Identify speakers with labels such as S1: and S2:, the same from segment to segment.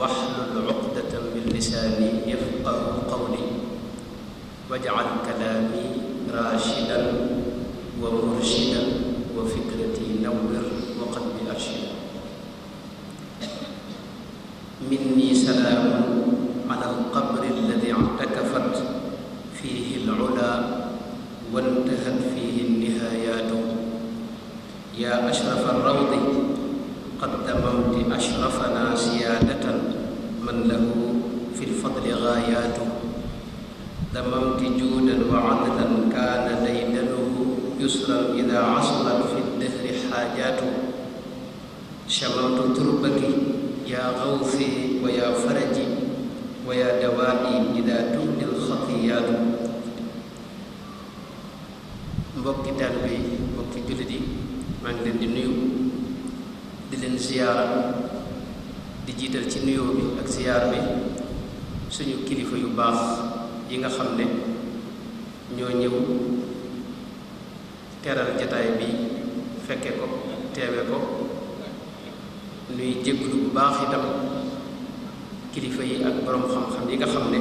S1: واحلل عقدة من لساني يفقه قولي واجعل كلامي راشدا ومرشدا وفكرتي نور وقلبي أرشدا مني سلام على القبر الذي اعتكفت فيه العلا وانتهت فيه النهايات يا أشرف الروض قد موت أشرفنا سيادة من له في الفضل غايات دممت جودا وعدلا كان ديدنه يسرا إذا عصرت في الدهر حاجاته شممت تربك يا غوثي ويا فرجي ويا دوائي إذا تغني الخطيات mbokki taalibe yi mbokki jullit yi maa ngi leen di nuyu di leen ziyaara di jiital ci nuyoo bi ak ziyaar bi suñu kilifa yu baax yi nga xam ne ñoo ñëw teral jataay bi fekke ko teewe ko ñuy jégalu bu baax itam kilifa yi ak boroom xam-xam yi nga xam ne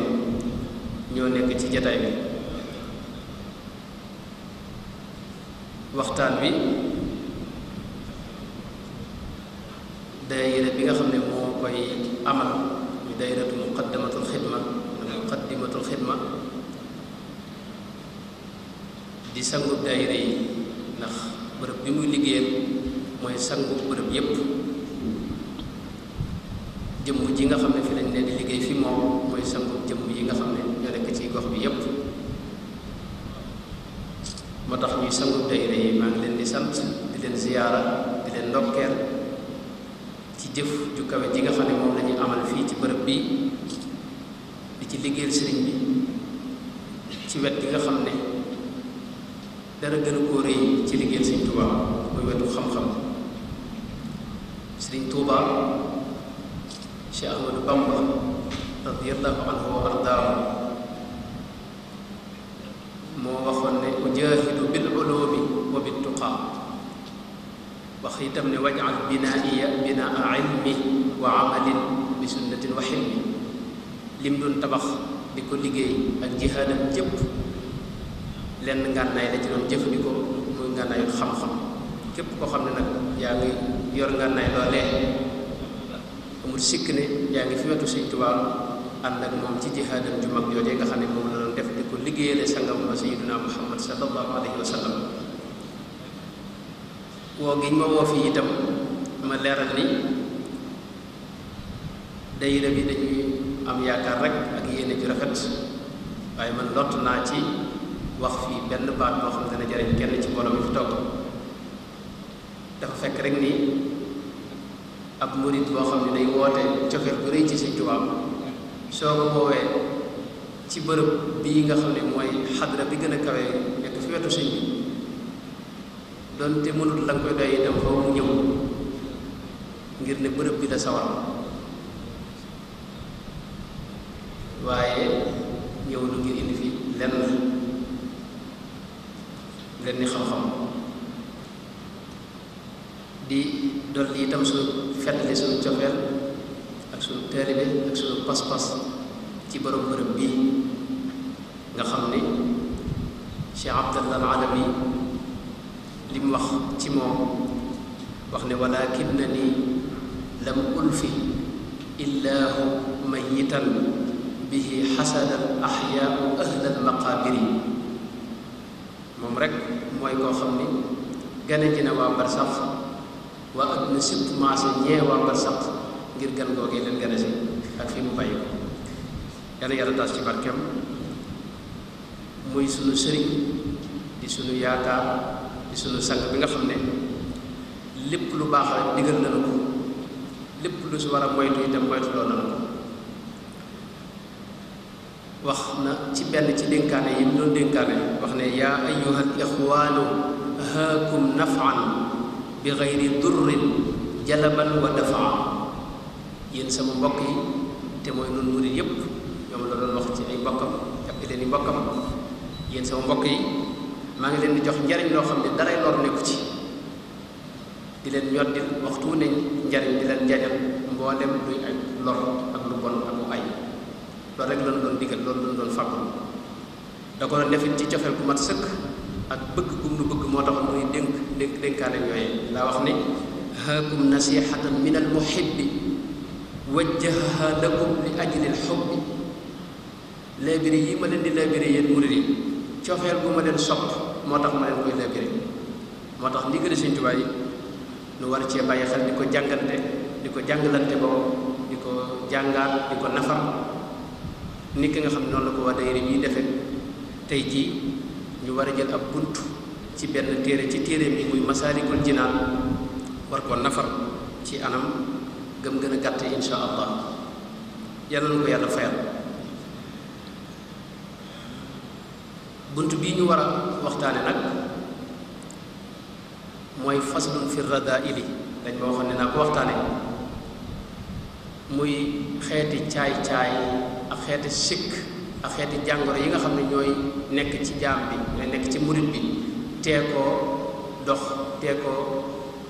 S1: ñoo nekk ci jataay bi waxtaan wi daayira bi nga xam ne moo koy amal ñu daayiratu muqaddamatul xidma muqaddimatul xidma di sangub daayira yi ndax bërëb bi muy liggéeyal mooy sangub bërëb yépp jëmm ji nga xam ne fi leen di liggéey fi moom mooy sangub yi nga xam ne ñoo nekk ci gox bi yépp moo tax ñuy sangub daayira yi maa ngi leen di sant di leen ziyaara di leen ndokkeel jëf ju kawe ji nga xam ne moom la amal fii ci bërëb bi di ci liggéeyal sëriñ bi ci wet gi nga xam ne dara gën a koo rëy ci liggéeyal sëriñ Touba muy wetu xam-xam sëriñ Touba Cheikh Ahmadou Bamba radiyallahu anhu wa ardaahu tam ne wajal binaiya binaa ilmi wa amalin bi sunnatin wa xilmi lim doon tabax di ko liggéey ak jihaadam jëpp lenn ngànnaay la ci doon jëfandikoo muy ngànnaayu xam-xam képp koo xam ne nag yaa ngi yor ngànnaay loolee amul sikk ne yaa ngi fi wetu Sëñ Tuubaa ànd ak moom ci jihaadam ju mag joojee nga xam ne moom la def di ko liggéeyale sangam ba Muhammad sallallahu alayhi wa woo giñ ma woo fii itam ma leeral ni dayira bi dañuy am yaakaar rek ak yéene ju rafet waaye man lott naa ci wax fii benn baat boo xam dana jariñ kenn ci mbooloo fi togg dafa fekk rek ni ab murit boo xam ne day woote cofeel bu rëy ci Sëñ Tuubaa soo ko woowee ci bërëb bii nga xam ne mooy xadra bi gën a kawe nekk fi wetu sëñ bi doonte mënut la nga koy doy itam foofu mu ngir ne bërëb bi la sawar waaye ñëw lu ngir indi fi lenn lenn xam-xam di dolli itam suñu fetli suñu cofeel ak suñu taalibe ak suñu pas-pas ci borom bërëb bi nga xam ne Cheikh Abdallah Alami لم وخ تيمو لم الف الا ميتا به حسد أحياء اهل المقابر موم رك موي كو خامني غانا جينا وا برصف وا ابن سبت ما سي ني وا برصف غير غان غوغي لن غانا سي اك في مو بايو di sunu sang bi nga xam ne lépp lu baax rek digal na la lépp lu si war a moytu itam moytu loo na la ko wax na ci benn ci dénkaane yi mu doon dénkaane wax ne yaa ayyuhal ixwaanu haakum nafan bi gayri durrin jalaban wa dafaa yéen sama mbokk yi te mooy nun murit yépp ñoom la doon wax ci ay mbokkam jàpp leen i mbokkam yéen sama mbokk yi maa ngi leen di jox njariñ loo xam ne daray lor nekku ci di leen ñoddil waxtu wu ne njariñ di leen jañal mboolem luy ak lor ak lu bon ak lu ay loolu rek lañu doon digal loolu lañu doon fàggul da ko doon defit ci cofeel bu mat sëkk ak bëgg gum nu bëgg moo taxoon muy dénk dénk dénkaane yooyee laa wax ne haakum nasihatan min al muhibbi wajjahaha lakum li ajli al hubbi laabiri yi ma leen di laabiri yéen murid yi cofeel bu ma leen sopp moo tax ma leen koy lëkkale moo tax ndigal Sëñ Tuubaa yi nu war cee bàyyi xel di ko jàngante di ko jàngalante boobu di ko jàngaat di ko nafar nit ki nga xam ne noonu la ko waa daayira yi defee tey jii ñu war a jël ab bunt ci benn téere ci téere bi muy masaalikul jinaan war koo nafar ci anam gëm gën a gàtt insha allah yal na ko yàlla fayal bunt bii ñu war a waxtaane nag mooy faslun fi radaili dañ ma waxoon ne naa ko waxtaane muy xeeti caay-caay ak xeeti sikk ak xeeti jàngoro yi nga xam ne ñooy nekk ci jaam bi nekk ci murit bi tee dox tee koo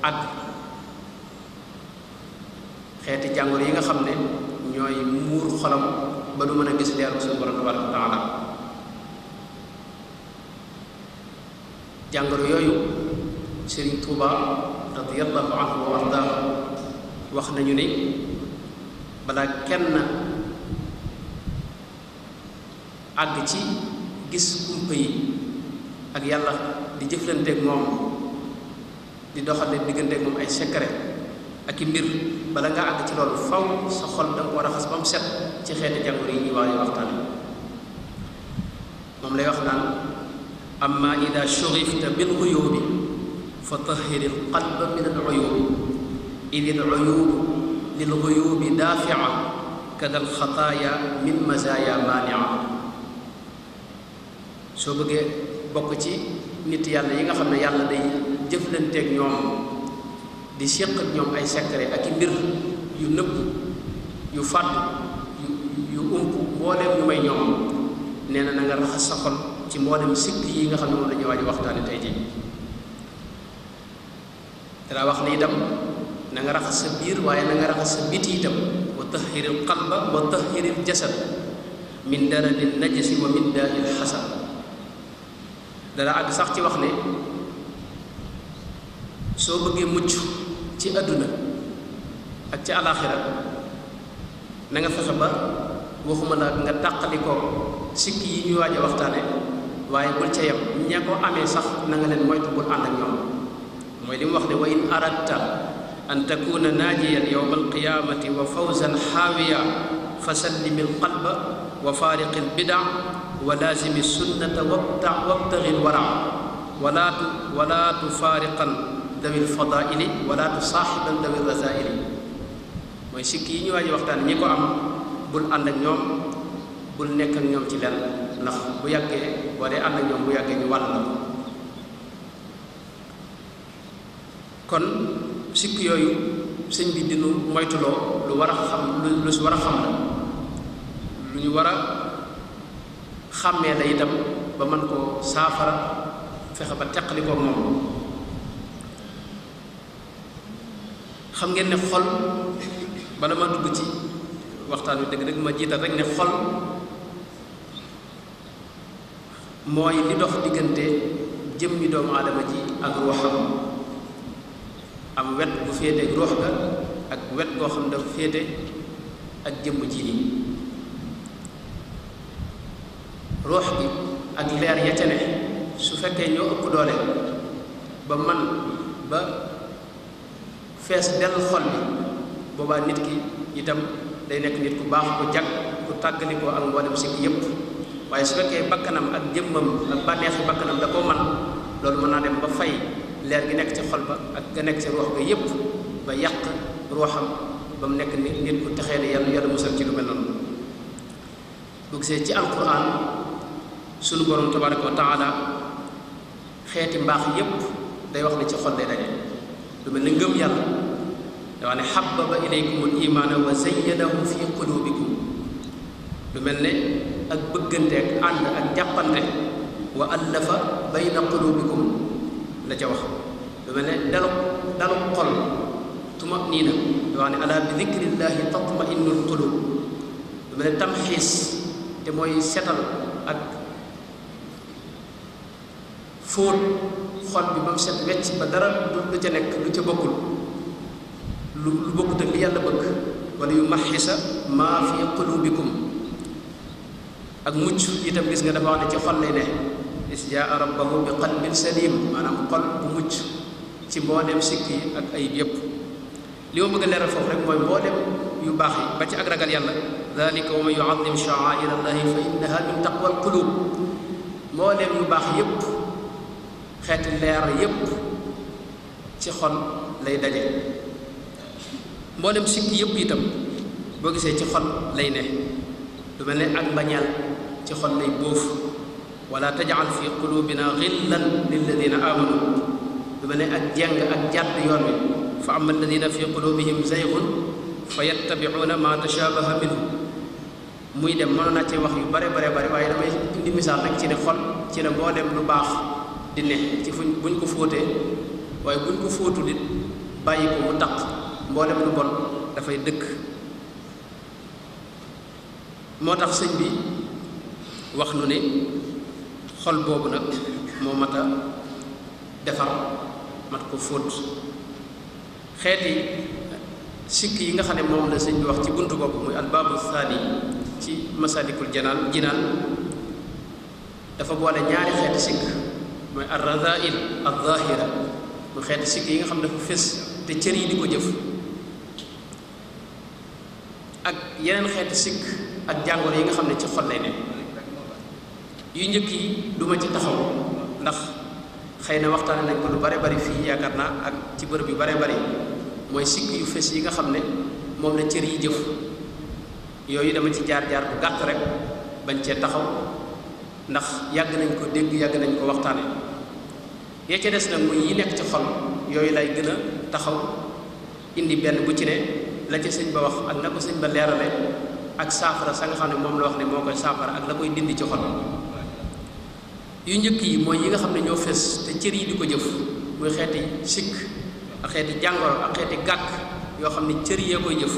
S1: àgg xeeti yi nga xam ne ñooy muur xolam ba du mën a gis leeru suñu borom tabaraka wa taala jàngoro yooyu Serigne Touba radiyallahu anhu wa wax nañu ni balaa kenn àgg ci gis kumpa yi ak yàlla di jëflanteeg moom di doxale digganteeg moom ay secret ak i mbir bala nga àgg ci loolu faw sa xol da ko raxas ba mu set ci xeeti jàngoro yi ñuy wax waxtaan moom lay wax naan أما إذا شغفت بالغيوب فطهر القلب من العيوب إذ العيوب للغيوب دافعة كذا الخطايا من مزايا مانعة soo bëggee bokk ci nit yàlla yi nga xam ne yàlla day jëflanteeg ñoom di séq ak ñoom ay secret ak mbir yu nëbb yu fàdd yu yu ump mbooleem may ñoom nee na nga raxas sa xol ci mboolem sikk yi nga xam ne moom la ñuy waaj waxtaane tey jii dalaa wax ne itam nanga raxas sa biir waaye na nga raxas sa biti itam wa tahiril qalba wa tahiril jasad min daranil najasi wa min daanil xasan dana àgg sax ci wax ne soo bëggee mucc ci àdduna ak ci alaaxira na nga fexe ba waxuma la nga tàqalikoo sikk yi ñuy waaj waxtaane waye bul ci yam ñako amé sax na nga len moytu bul ànd ak ñom moy lim wax de way in aratta an takuna naajiyan yowma alqiyamati wa fawzan hawiya fasallim sallimi alqalba wa faariqi albidaa wa lazim laazimi sunnata wabta wabtagi alwara wala tu wala tufaariqan dawi alfadaili wala sahiban dawil razaili moy sikki ñu waji waxtan ñi ko am bul ànd ak ñom bul nek ak ñom ci lenn ndax bu yagge bo de am na ñom bu yagge ñu wal la kon sik yoyu señ bi dinu moytuloo lu wara xam lu wara xam la lu ñu wara xamé la itam ba man ko safara fexa ba teqali ko mom xam ngeen ne xol bala ma dugg ci waxtaan deug deug ma jiital rek ne xol mooy li dox diggante jëmmi doomu aadama ji ak ruuxam am wet bu féete ak ga ak wet goo xam dafa féete ak jëmm ji nii ruux gi ak leer ya su fekkee ñoo ëpp doole ba man ba fees dell xol bi boobaa nit ki itam day nekk nit ku baax ko jag ku tàggalikoo ak mboolem sikk yépp waaye su fekkee bakkanam ak jëmmam ak bànneexi bakkanam da koo man loolu mën naa dem ba fay leer gi nekk ci xol ba ak ga nekk ci ruux ba yépp ba yàq ruuxam ba mu nekk nit nit ku texee yàlla yàlla musal ci lu mel noonu bu gisee ci alquran sunu borom tabaraka wa taala xeeti mbaax yépp day wax ne ci xol day daje lu mel ni ngëm yàlla dafa ne xabbaba ilaykum al imaana wa zayyanahu fi qulubikum lu mel ne ak bëggante ak ànd ak jàppante wa allafa bayna qulubikum la ca wax lu mel ne dalu dalu xol tuma nii na wax ne ala bi dikrillahi tatma innul qulub lu mel ne tamxiis te mooy setal ak fóot xol bi ba mu set wecc ba dara lu ca nekk lu ca bokkul lu lu bokkut ak li yàlla bëgg wala yu maxisa maa fi qulubikum ak mucc itam gis nga dafa wax ne ci xol lay ne is rabbahu bi qalbin salim maanaam xol bu mucc ci mbooleem sikki ak ay yépp li ma bëgg a leeral foofu rek mooy mbooleem yu baax yi ba ci ak ragal yàlla dalika wa man yuadim shaaira allahi fa innaha min taqwa alqulub mbooleem yu baax yépp xeeti leer yépp ci xol lay daje mbooleem sikki yépp itam boo gisee ci xol lay ne du mel ne ak mbañeel تخل لي بوف ولا تجعل في قلوبنا غلا للذين امنوا بمن اجنغ اجات يوم فاما الذين في قلوبهم زيغ فيتبعون ما تشابه منه موي دم مانو ناتي واخ يو بري بري بري باي داي اندي مثال رك سي خول سي ني بو دم لو باخ دي نه سي فوج بون كو فوتي واي بون كو فوتو نيت باي كو مو تاك مبو لو بون دا فاي دك موتاخ سيغ بي wax nu ne xol boobu nag moo mat a defar mat ko fóot xeeti sikk yi nga xam ne moom la sëñ bi wax ci buntu boobu muy albaabu thani ci masalikul janaan jinaan dafa boole ñaari xeeti sikk mooy arradail alzahira mu xeeti sikk yi nga xam ne dafa fés te cër yi di ko jëf ak yeneen xeeti sikk ak jàngoro yi nga xam ne ci xol lay ne yu njëkk yi duma ci taxaw ndax xëy na waxtaane nañ ko lu bare bari fii yaakaar naa ak ci bërëb yu bare bari mooy sikk yu fes yi nga xam ne moom la cër yi jëf yooyu dama ci jaar-jaar bu rek bañ cee taxaw ndax yàgg nañ ko dégg nañ ko waxtaane ya ca des nag muy nekk ci xol yooyu lay gën a taxaw indi benn bu ci ne la ca sëñ ba wax ak na ko sëñ ba leerale ak saafara sa nga xam ne moom la wax ne moo koy saafara ak la koy dindi ci xol yu njëkk yi mooy yi nga xam ne ñoo fees te cër yi di ko jëf muy xeeti sikk ak xeeti jàngoro ak xeeti gàkk yoo xam ne cër yee koy jëf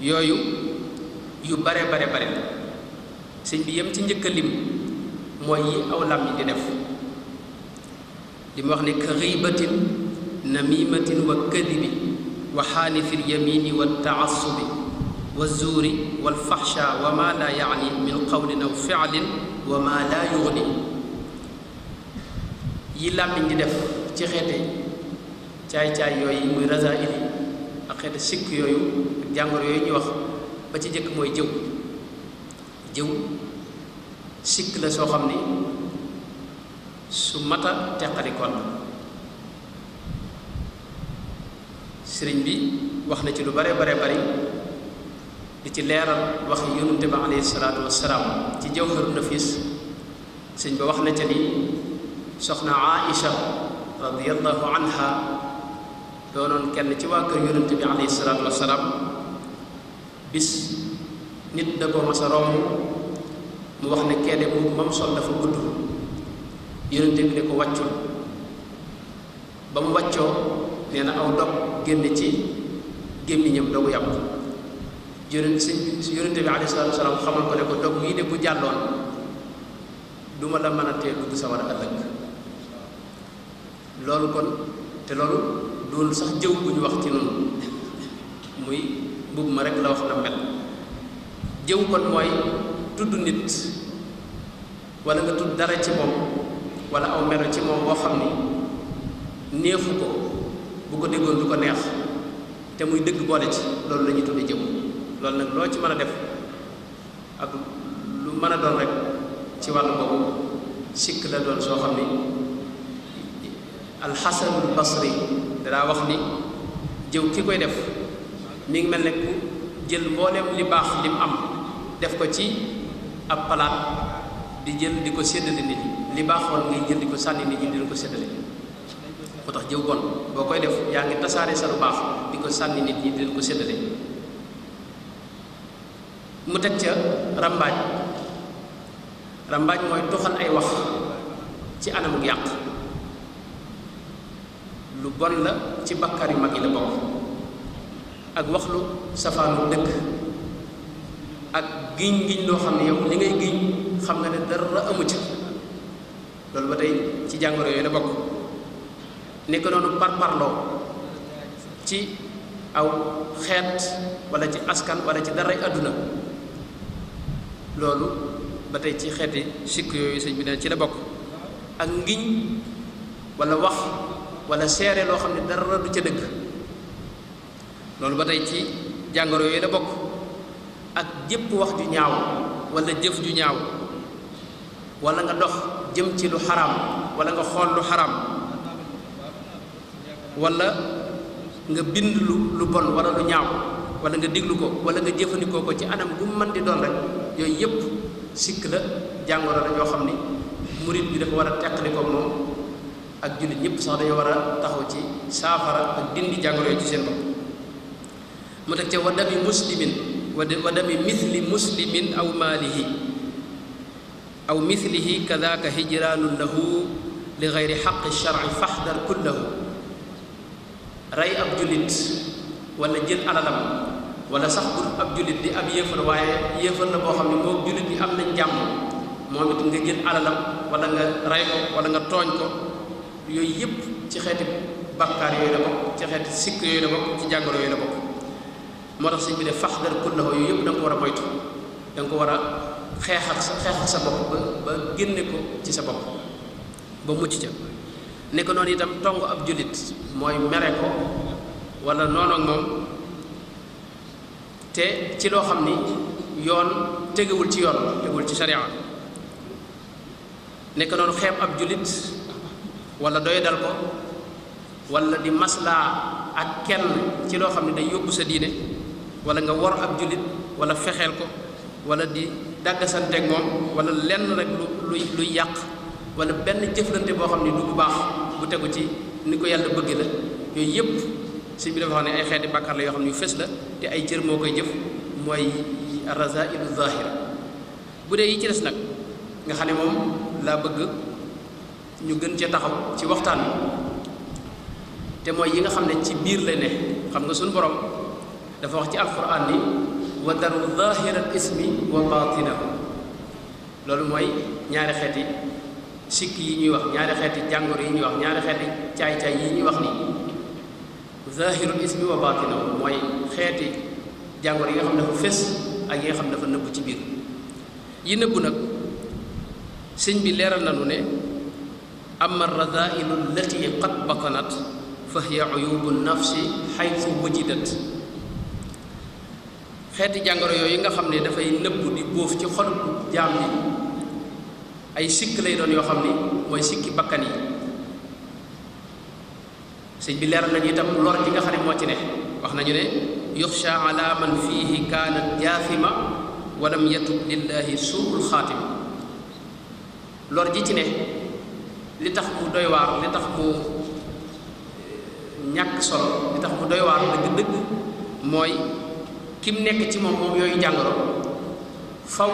S1: yooyu yu bare bare bare la sëñ bi yem ci njëkk a lim mooy yi aw lam yi di def li mu wax ne ka xiibatin namimatin wa kadibi wa xaalifi lyamini wa taassubi wa zuuri wa alfaxsha wa ma la yaani min qawlin aw fialin wa ma laa yuxni yi làmmiñ di def ci xeete caay-caay yooyu muy rasail yi ak xeete sikk yooyu ak jàngoro yooyu ñuy wax ba ci jëkk mooy jëw jëw sikk la soo xam ni su mata teqalikoon sëriñ bi wax na ci lu bare bare bari di ci leeral wax yi yonente ba alayhi salaatu wasalaam ci jawharu nafis sëñ ba wax na ca ni soxna Aïcha radiallahu anha doonoon kenn ci waa kër yonente bi alayhi salaatu wasalaam bis nit da ko mas mu wax ne kedde bu mam sol dafa gudd yonente bi ne ko wàccul ba mu wàccoo nee na aw dog génn ci gémmiñam dogu yàpp yonent sëñ bi yonente bi alayhi salaatu wasalaam xamal ko ne ko dog yi de bu jàlloon du la mën a tee dugg sawar a ëllëg loolu kon te loolu doon sax jëw bu ñu wax ci noonu muy mbubb ma rek la wax na mel jëw kon mooy tudd nit wala nga tudd dara ci moom wala aw melo ci moom boo xam ni neexu ko bu ko déggoon du ko neex te muy dëgg boole ci loolu la ñuy tudd jëw loolu nag loo ci mën a def ak lu mën a doon rek ci wàllu boobu sikk la doon soo xam ne alxasanul basri danaa wax ni jëw ki koy def mi ngi mel ne ku jël mboolem li baax li mu am def ko ci ab palaat di jël di ko séddale nit li baaxoon ngay jël di ko sànni nit ñi dina ko séddale moo tax jëw kon boo koy def yaa ngi tasaare sa lu baax di ko sànni nit ñi dina ko séddale mu teg ca rambaaj rambaaj mooy tuxal ay wax ci anamuk yàq lu bon la ci bakkaar yu mag yi la bokk ak wax lu safaanu dëkk ak giñ giñ loo xam ne yow li ngay giñ xam nga ne dara amu ca loolu ba tey ci jàngoro yooyu la bokk nekk noonu parparloo ci aw xeet wala ci askan wala ci daray àdduna loolu ba tey ci xeeti sikk yooyu sëñ bi neen ci la bokk ak ngiñ walla wax walla seere loo xam ne dara du ca dëgg loolu ba tey ci jàngoro yooyu la bokk ak jëpp wax ju ñaaw walla jëf ju ñaaw wala nga dox jëm ci lu xaraam wala nga xool lu xaraam wala nga bind lu lu bon wala lu ñaaw wala nga diglu ko wala nga jëfandikoo ko ci anam gu mën di doon rek yooyu yëpp sikk la jàngoro la yoo xam ni murit bi dafa war a teqali ko moom ak jullit ñëpp sax dañoo war a taxaw ci saafara ak dindi jàngoro yooyu ci seen bopp mu teg ca wa dami muslimin wa dami mithli muslimin aw maalihi aw mithlihi kadaka hijraanun lahu li geyri xaqi sharci faxdar kullahu rey ab jullit wala jël alalam wala sax bu ab jullit di ab yéefar waaye yéefar la boo xam ne moom jullit yi am nañ jàmm moom it nga jël alalam wala nga rey ko wala nga tooñ ko yooyu yëpp ci xeeti bakkaar yooyu la bokk ci xeeti sikk yooyu la bokk ci jàngoro yooyu la bokk moo tax sëñ bi ne faxdar kullahu yooyu yëpp da ko war a moytu da ko war a xeex sa xeex ak bopp ba ba génne ko ci sa bopp ba mucc ca ne noonu itam tong ab jullit mooy mere ko wala noonu ak moom te ci loo xam ni yoon tegewul ci yoon tegewul ci sharia nekk noonu xeeb ab jullit wala doy dal ko wala di maslaa ak kenn ci loo xam ne day yóbbu sa diine wala nga wor ab jullit wala fexeel ko wala di dàggasanteeg moom wala lenn rek lu luy luy yàq wala benn jëflante boo xam ne du bu baax bu tegu ci ni ko yàlla bëgg la yooyu yépp suñ bi dafa wax ne ay xeeti bàkkaar la yoo xam ne yu fës la te ay cër moo koy jëf mooy razailu zahira bu dee yi ci des nag nga xam ne moom laa bëgg ñu gën cee taxaw ci waxtaan te mooy yi nga xam ne ci biir la ne xam nga suñu borom dafa wax ci alquran ni wa daru zahira al ismi wa batinahu loolu mooy ñaari xeeti sikk yi ñuy wax ñaari xeeti jàngoro yi ñuy wax ñaari xeeti caay-caay yi ñuy wax nii ظاهر الاسم وباطنه موي خيتي جانغور ييغا yi nga xam ne dafa fés ak yi nga xam ne dafa nëbb ci biir yi nëbb nag sëñ bi leeral nañu ne amma radailu allati qad batanat xeeti jàngoro yooyu nga xam ne dafay nëbb di bóof ci xol jaam yi ay sikk lay doon yoo xam ni mooy sikki bakkan yi sëñ bi leeral nañu itam lor ji nga xam ne moo ci ne wax nañu ne yuxsha ala man fiihi kaanat jaafima walam yatub lillahi suul xaatima lor ji ci ne li tax mu doy waar li tax mu ñàkk solo li tax mu doy waar dëgg-dëgg mooy kim nekk ci moom moom yooyu jàngoro faw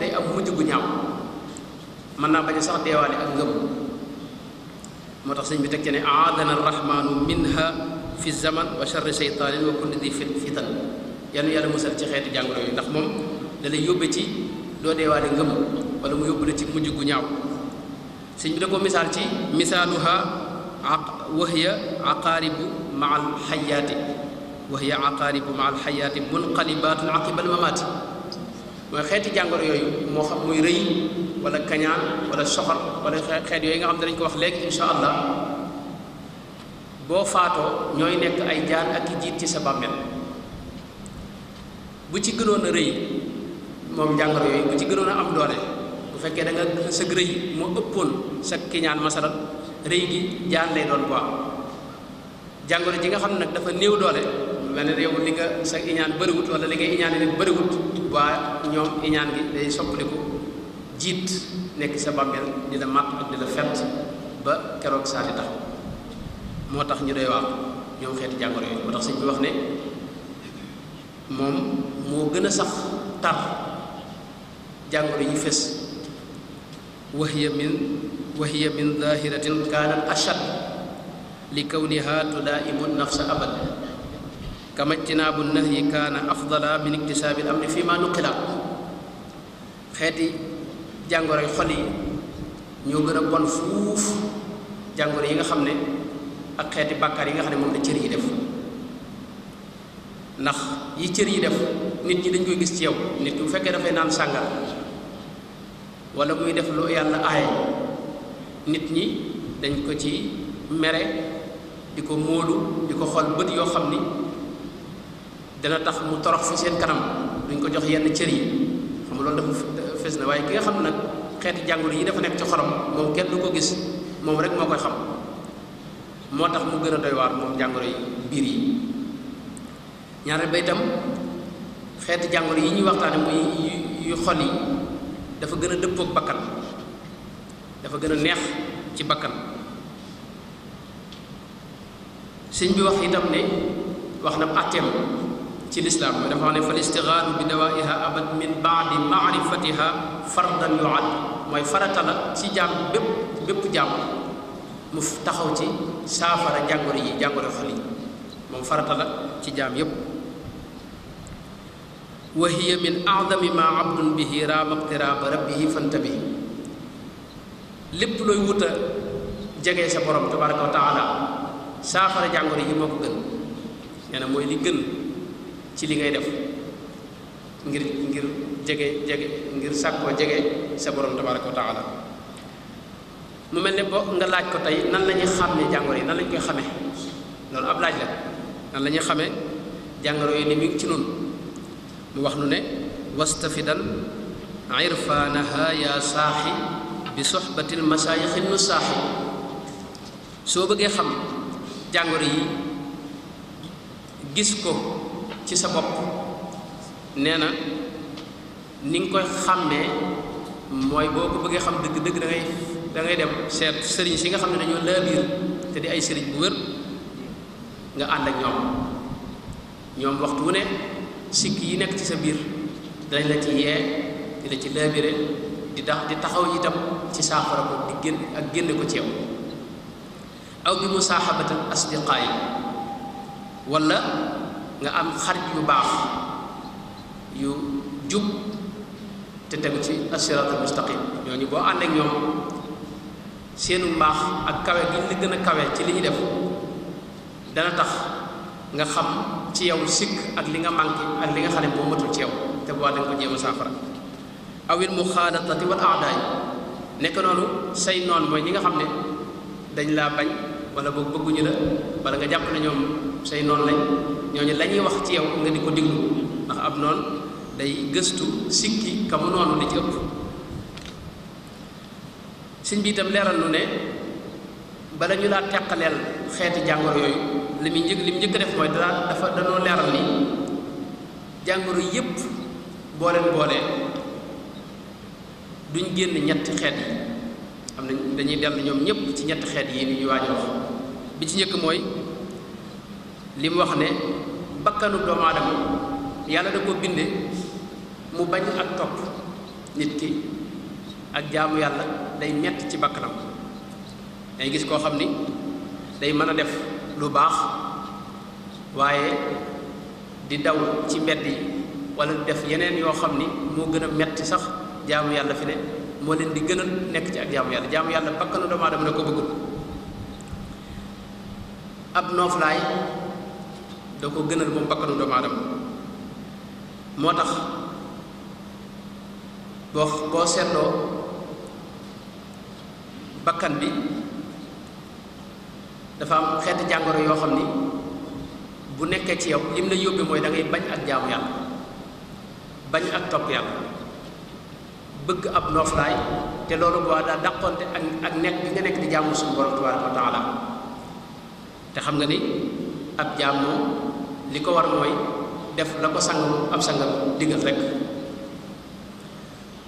S1: day am mujj gu ñaaw mën naa bañ sax deewaale ak ngëm moo tax sëñ bi teg ci ne aadana arrahmaanu minha fi zaman wa charri cheytaanin wa kulli di fitan yal na yàlla musal ci xeeti jàngoro yi ndax moom da lay yóbbe ci doo deewaale ngëm wala mu yóbbu la ci mujj gu ñaaw sëñ bi da ko misaal ci misaaluha wahiya aqaaribu maa alxayaati wahiya aqaaribu maa alxayaati munqalibaatun aqiba almamaati mooy xeeti jàngoro yooyu moo xam muy rëy wala kañaan wala soxor wala xeet yooyu nga xam ne dañ ko wax léegi insha allah boo faatoo ñooy nekk ay jaar ak i jiit ci sa bàmmeel bu ci gënoon a rëy moom njàngoro yooyu bu ci gënoon a am doole bu fekkee da nga sëg rëy moo ëppoon sa kiñaan masalan rëy gi jaar lay doon quoi jàngoro ji nga xam ne nag dafa néew doole mel ne yow li nga sa iñaan bëriwut wala li nga iñaan nit bëriwut waa ñoom iñaan gi day soppaliku kit nek sa bàmmeel di mat ak di fet ba kérok sa di tax motax ñu doy wax ñom jangoro yi motax señ bi wax ne mom mo gëna sax tar jangoro yi fess wahya min wahya min zahiratin kaanat ashad li kawniha nafsa abad kama tinabu nahyi kana afdala min iktisaabi al amri fi ma nuqila jàngoroy xol yi ñoo gëna bon fuuf jangoro yi nga xamne ak xeeti bakkar yi nga xamne mom la cër yi def ndax yi cër yi def nit ñi dañ koy gis ci yow nit ki bu fekkee dafay naan sàngara wala muy def lo yalla ay nit ñi dañ ko ci mere diko modu diko xol ko yo xamni dana tax mu torox fi seen kanam duñ ko jox yenn cër yi xam loolu dafa fees na waaye ki nga xam nag xeeti jàngoro yi dafa nekk ci xorom moom kenn du ko gis moom rek moo koy xam moo tax mu gën a doy waar moom jàngoro yi biir yi ñaareel ba itam xeeti jàngoro yi ñuy waxtaane muy yu xol yi dafa gën a dëppoog bakkan dafa gën a neex ci bakkan sëñ bi wax itam ne wax na àtteem ci lislaam mooy dafa wax ne fa listigaadu bi dawaiha abad min baadi maarifatiha fardan yuad mooy farata la ci jàmm bépp bépp jàmm mu taxaw ci saafara jàngoro yi jàngoro xol yi moom farata la ci jàmm yépp wa hiya min aadami ma abdun bihi raama iqtiraaba rabbihi fantabihi lépp looy wuta jege sa borom tabaraka wa taala saafara jàngoro yi moo ko gën nee na mooy li gën ci li ngay def ngir ngir jege jege ngir sàkkoo jege sa borom tabaraka wa mu mel ni boo nga laaj ko tey nan lañuy ñuy xàmmee jàngoro yi nan lañ koy xamee ab laaj la nan jàngoro yi ni mi ngi ci noonu mu wax nu ne wastafidan irfanaha ya saaxi bi soxbatil masayixi nu saaxi soo bëggee xam jàngoro yi gis ko ci sa bopp nee na ni nga koy xàmmee mooy boo ko bëggee xam dëgg-dëgg da dangay da ngay dem seet sëriñ si nga xam ne dañoo laa te di ay sëriñ bu wér nga ànd ak ñoom ñoom waxtu wu ne sikk yi nekk ci sa biir dañ la ci yee di la ci laabire di tax di taxaw itam ci saafara ko di génn ak génn ko ci aw bi musaaxabatal asdiqaa yi wala nga am xarit yu baax yu jub te tegu ci asiratul mustaqim ñooñu boo ànd ak ñoom seenu mbaax ak kawe gi la gën a kawe ci li ñu def dana tax nga xam ci yow sikk ak li nga manqué ak li nga xam ne boo matul ci yow te bu da ko jéem a saafara awil muxaalatati wal aadaay nekk noonu say noon mooy ñi nga xam ne dañ laa bañ wala boog bëgguñu la wala nga jàpp ne ñoom say noon lañ ñooñu lañuy wax ci yow nga di ko déglu ndax ab noonu day gëstu sikki kam noonu li ci ëpp sëñ bi itam leeral nu ne bala ñu laa teqaleel xeeti jàngoro yooyu li muy njëkk li mu njëkk def mooy danaa dafa danoo leeral ni jàngoro yépp boo leen boolee duñ génn ñetti xeet yi am na dañuy dellu ñoom ñëpp ci ñetti xeet yi ñu waaj wax bi ci njëkk mooy li mu wax ne bakkanu doomu yàlla da ko binde mu bañ ak topp nit ki ak jaamu yàlla day mett ci bakkanam day gis koo xam ni day mën a def lu baax waaye di daw ci mbedd yi wala di def yeneen yoo xam ni moo gën a metti sax jaamu yàlla fi ne moo leen di gën a nekk ci ak jaamu yàlla jaamu yàlla bakkanu doomu aadama ko bëggul ab nooflaay da ko gënal moom bakkanu doomu moo tax boo boo seetloo bakkan bi dafa am xeeti jàngoro yoo xam ni bu nekkee ci yow lim la yóbbee mooy dangay bañ ak jaamu yàlla bañ ak topp yàlla bëgg ab nooflaay te loolu boo daa dàqonte ak ak nekk bi nga nekk di jaamu suñu borom tabaraka wa taala te xam nga ni ab jaam li ko war mooy def la ko sangam ab sangam digal rek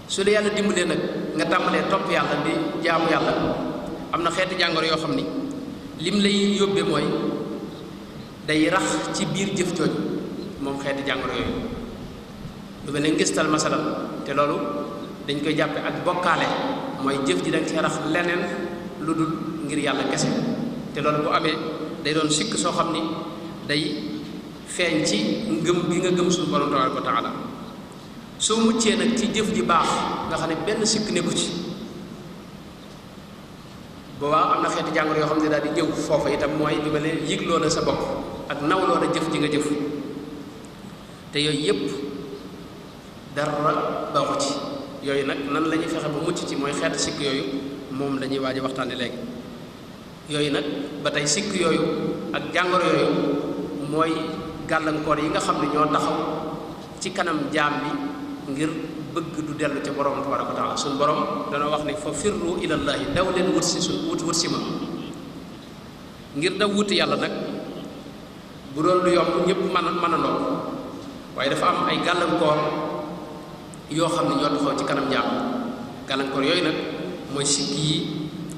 S1: su dee yàlla dimbalee nag nga tàmbalee topp yàlla di jaamu yàlla am na xeeti jàngoro yoo xam ni lim lay yóbbee mooy day rax ci biir jëf moom xeeti jàngoro yooyu lu mel ne ngistal masalan te loolu dañ koy jàppe ak bokkaale mooy jëf ji danga sa rax leneen lu dul ngir yàlla kese te loolu bu amee day doon sikk soo xam ni day feeñ ci ngëm gi nga gëm suñu borom tabaraka wa taala soo muccee nag ci jëf ji baax nga xam ne benn sikk nekku ci boobaa am na xeeti jàngoro yoo xam ne daal di ñëw foofa itam mooy li ma sa bopp ak nawloo na jëf ji nga yooyu yépp dara baaxu ci yooyu nag nan la ñuy fexe ba mucc ci mooy xeet sikk yooyu moom lañuy ñuy waaj a waxtaane léegi yooyu nag ba tey sikk yooyu ak jàngoro yooyu mooy gàllankoor yi nga xam ne ñoo taxaw ci kanam jaam bi ngir bëgg du dellu ca borom tabaraka wa taala suñ borom dana wax ne fa firru ilallahi daw leen wut si suñ wut si ma ngir daw wuti yàlla nag bu doon lu yomb ñëpp man a mën a noo waaye dafa am ay gàllankoor yoo xam ne ñoo taxaw ci kanam jaam gàllankoor yooyu nag mooy sikk yi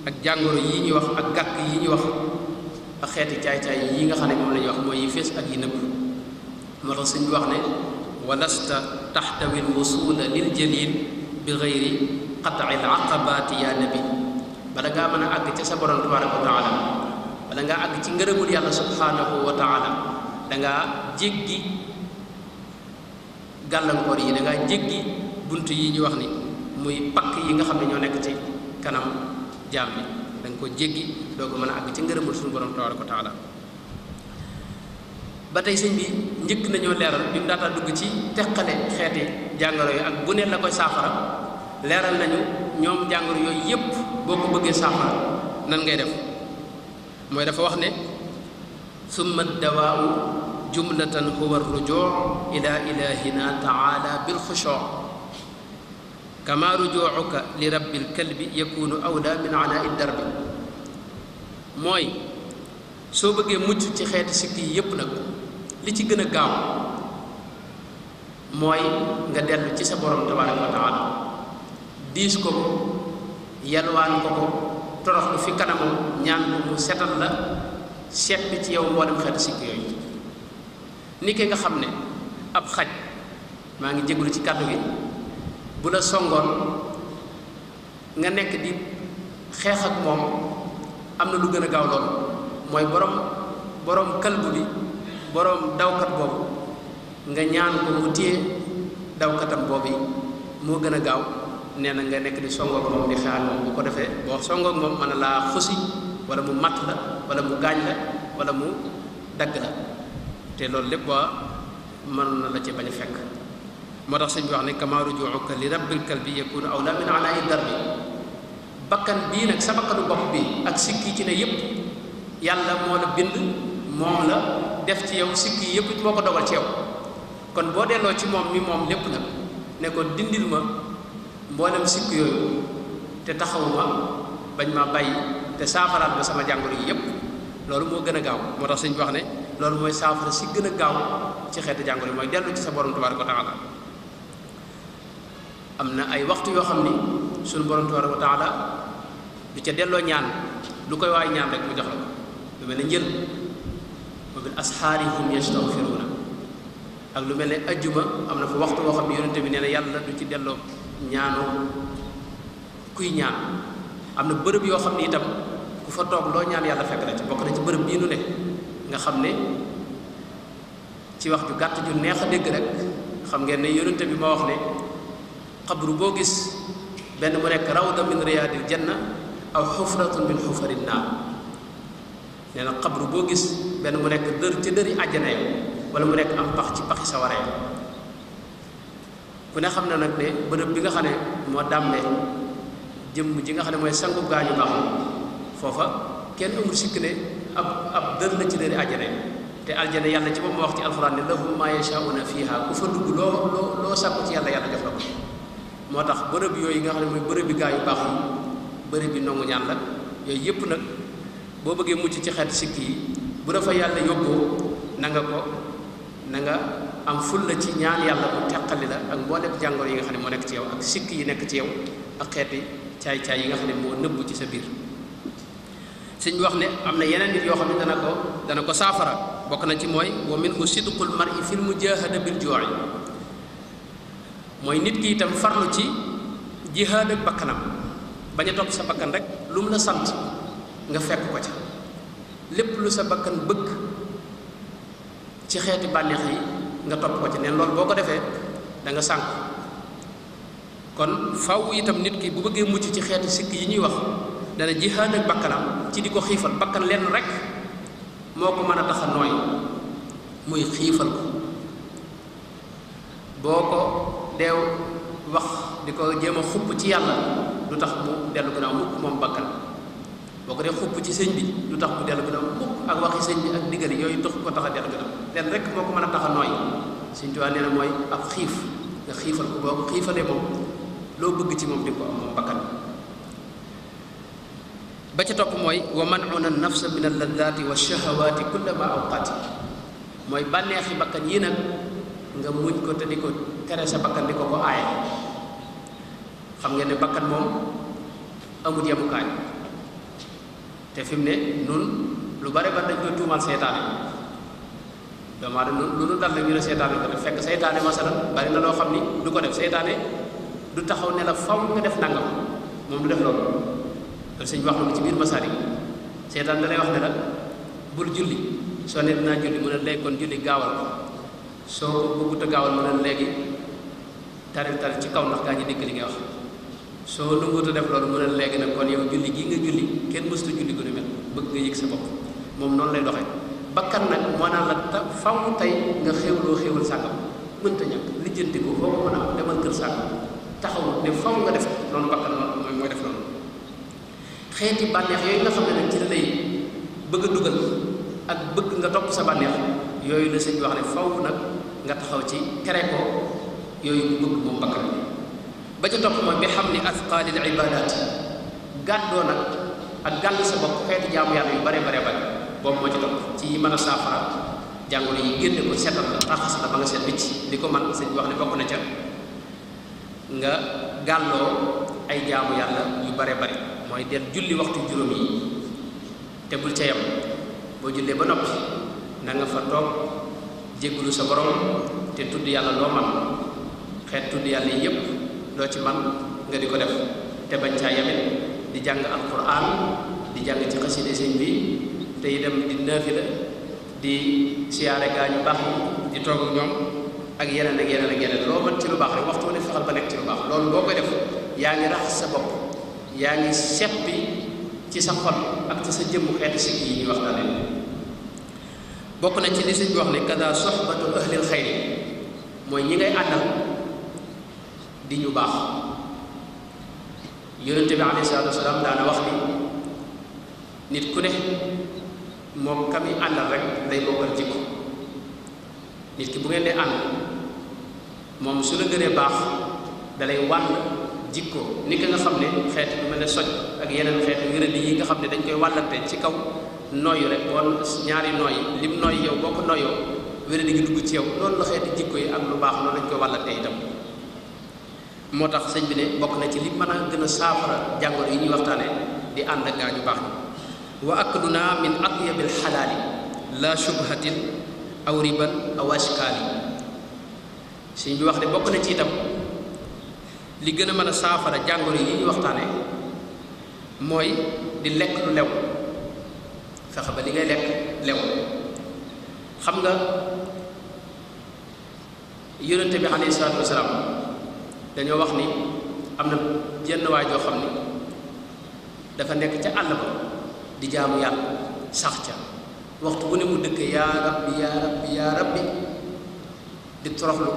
S1: ak jàngoro yii ñuy wax ak gàkk yii ñuy wax ak xeeti caay-caay yi nga xam ne moom la ñuy wax mooy yi fees ak yi nëbb moo tax suñ wax ne walasta taxtawi lwusula lil jalil bi geyri qatci l aqabaati ya nabi bala ngaa mën a àgg ca sa borom tabaraka wa taala àgg ci ngërëmul yàlla subhanahu wa taala dangaa jéggi gàllankoor yi dangaa jéggi bunt yi ñu wax ni muy pakk yi nga xam ne ñoo nekk ci kanam jaam bi dañ ko jéggi doo ko mën a ci ngërëmul suñu borom tabaraka taala batay tey bi ñëk nañu léral bi mu daataa dugg ci tékkalé xéti jàngoro yi ak bu ne la koy safara léral nañu ñom jàngoro yoy yépp boko bëggé safara nan ngay def moy dafa wax né summa dawaawu jumlatan huwa ar-ruju' ila ilahina taala bil khushu' kama rujuuka li rabbil kalbi yakunu awla min anai darbi mooy soo bëggee mucc ci xeeti sikk yi yépp nag li ci gën a gaaw mooy nga dellu ci sa borom tabaraka wa taala diis ko ko yalwaan ko ko torox fi kanamam ñaan ko mu setal la seet ci yow moo dem xeeti sikk yooyu ni nga xam ne ab xaj maa ngi jéglu ci kàddu gi bu la songoon nga nekk di xeex ak moom am na lu gën a gaaw lool mooy boroom borom kalbu bi boroom dawkat boobu nga ñaan ko mu téye dawkatam boobu moo gën a gaaw nee na nga nekk di songoog moom di xeexal moom bu ko defee boo songoog moom mën na laa xusi wala mu matt la wala mu gaañ la wala mu dagg la te loolu lépp waa mën na la ci bañ a fekk motax tax bi wax ne kama rujuuka li rabbil kalbi yakun awla min ala darbi bakkan bi nak sa bakkanu bop bi ak sikki ci ne yep yalla mo la bind moom la def ci yow sikki yep ci moko dogal ci yow kon bo delo ci mom mi mom lepp nak ne ko dindil ma mbolam sikki yoy te taxawuma bañ ma bayyi te safaral ba sama jàngoro yep yépp mo gëna gën a gaaw moo tax bi wax ne loolu moy safara ci gëna gaaw ci xeetu jàngoro moy delu ci sa borom tabaraka taala am na ay waxtu yoo xam ni suñu borom tabaraka wa taala du ca delloo ñaan lu koy waay ñaan rek mu jox la ko lu mel ne njël wa bil asxaari hum yastaxfiruuna ak lu mel ne ajjuma am na fa waxtu boo xam ne yonente bi nee na yàlla ci delloo ñaanoo ñaan am na bërëb yoo xam ne itam ku fa toog loo ñaan yàlla fekk na ci bokk na ci bërëb bii nu ne nga xam ne ci wax ju gàtt ju neex a dégg rek xam ngeen ne yonente bi moo wax ne قبر بوجس بين مريك روضة من رياض الجنة أو حفرة من حفر النار لأن قبر بوجس بين مريك در تدري أجنعي ولا مريك أم بخت بخت سواري كنا خمنا نكني برب بيجا خنا مدام نه جم جيجا خنا مي سانغو غاني باه فوفا كن عمر سكني أب أب در لا تدري أجنعي te aljana yalla ci mom wax ci alcorane lahum ma yashauna fiha kufa dug lo moo tax bërëb yooyu nga xam ne mooy bërëb yi gaa yu baax bërëb bi ndongu ñaan la yooyu yëpp nag boo bëggee mucc ci xeet sikk yi bu dafa yàlla yóbboo na nga ko na nga am ful la ci ñaan yàlla mu teqali la ak mboolem jàngoro yi nga xam ne moo nekk ci yow ak sikk yi nekk ci yow ak xeeti caay-caay yi nga xam ne moo nëbbu ci sa biir sëñ bi wax ne am na yeneen nit yoo xam ne dana ko dana ko saafara bokk na ci mooy ko wa minhu sidqul mar'i fil mujahada bil ju'i mooy nit ki itam farlu ci jihaad ak bakkanam bañ a topp sa bakkan rek lu mu la sant nga fekk ko ca lépp lu sa bakkan bëgg ci xeeti bànneex yi nga topp ko ci neen loolu boo ko defee danga nga kon faw itam nit ki bu bëggee mucc ci xeeti sikk yi ñuy wax dana jihaad ak bakkanam ci di ko xiifal bakkan lenn rek moo ko mën a tax a nooy muy xiifal ko boo ko deew wax di ko jéem a xupp ci yàlla du tax mu dellu gannaaw mukk moom bakkan boo ko dee xupp ci sëñ bi du tax mu dellu gannaaw mukk ak waxi sëñ bi ak digal yooyu tax ko tax a dellu gannaaw leen rek moo ko mën a tax a nooy sëñ Tuubaa nee mooy ab xiif nga xiifal moom loo bëgg ci moom di ko am bakkan ba ca topp mooy wa manuna nafsa min alladaati wa shahawaati kullama awqaati mooy bànneexi bakkan yi nag nga muñ ko te di ko tere sa bakkan di ko ko aaye xam ngeen ni bakkan moom amul yemukaay te fi mu ne nun lu bare ba dañ ko tuumal seetaane doomu aadama lu nu dal ñu ne seetaane ko def fekk seetaane masalan bari na lo xam ni du ko def seetaane du taxaw ne la faw nga def nangam mom du def lool ko señ wax ci bir masari seetaan da lay wax ne la bur julli so ne na julli mu ne lay kon julli gawal ko soo ko ta gawal mu ne legi taril ci kaw ndax gaa ñi dégg li ngay wax soo nanguut a def loolu mu ne léegi nag kon yow julli nga julli kenn mësuta julli gu ne bëgg nga yëg sa bopp moom noonu lay doxee bakkan nag moo naan la ta faw tey nga xéwloo xéwal sàngam mënta ñàkk lijjanti ko ko mën a am taxaw ne faw nga def loolu bakkan mooy mooy def loolu xeeti bànneex yooyu nga xam ne nag ci lay bëgg a dugal ak bëgg nga topp sa bànneex yooyu la sëñ wax ne faw nag nga taxaw ci tere ko yoy du dugg moom ba ci top mooy bi xam ni ibadat gàddoo nak ak gàll sa bokk xeeti jaamu yalla yu bare bare bare bom mo ci top ci yi mën safara jangoro yi génne ko setal la raxas la ba nga seet wicc li ko man sëñ wax ni bokku na ca nga gallo ay jaamu yalla yu bare bare moy del julli waxtu juroom yi te bul ca yam bo julle ba nopi na nga fa tok jéggulu sa borom te tuddu yalla loo man xeet tudd yàlla yépp doo ci man nga di ko def te bañ saa yamit di jàng alquran di jàng ci xaside sëñ bi te itam di naafila di siyaare gaa ñu baax di toog ak ñoom ak yeneen ak yeneen ak yeneen loo mën ci lu baax rek waxtu wu ne fexal ba nekk ci lu baax loolu boo koy def yaa ngi raxas sa bopp yaa ngi seppi ci sa xol ak ci sa jëmmu xeeti sikk yi ñuy wax na leen bokk na ci li sëñ bi wax ne kada soxbatu ahlil xayri mooy ñi ngay àndal di ñu baax yonente bi alayhi salaatu wasalaam daana wax ni nit ku ne moom kami àndal rek day bokkal jikko nit ki bu ngeen dee ànd moom su la gënee baax dalay wàll jikko ni ki nga xam ne xeet bu ma ne soj ak yeneen xeet wéradi yi nga xam ne dañ koy wàllante ci kaw nooyu rek bon ñaari nooy lim nooy yow boo ko nooyoo wéradi gi dugg ci yow loolu la xeeti jikko yi ak lu baax loolu lañ koy wàllante itam motax sëñ bi ne bok na ci li mëna gëna safara jàngoro yi ñuy waxtane di ànd ak gañu bax wa akduna min atyabil halal la shubhatin aw riban aw ashkal sëñ bi wax ne bok na ci itam li gëna mëna safara jàngoro yi ñuy waxtane moy di lek lu lew fexe ba li ngay lek lew xam nga yaronte bi alayhi salatu wasalaam dañoo wax ni am na jenn waay joo xam ni dafa nekk ca àll ba di jaamu yàlla sax ca waxtu bu ne mu dëkk yaa rabbi yaa rabbi yaa rabbi di toroxlu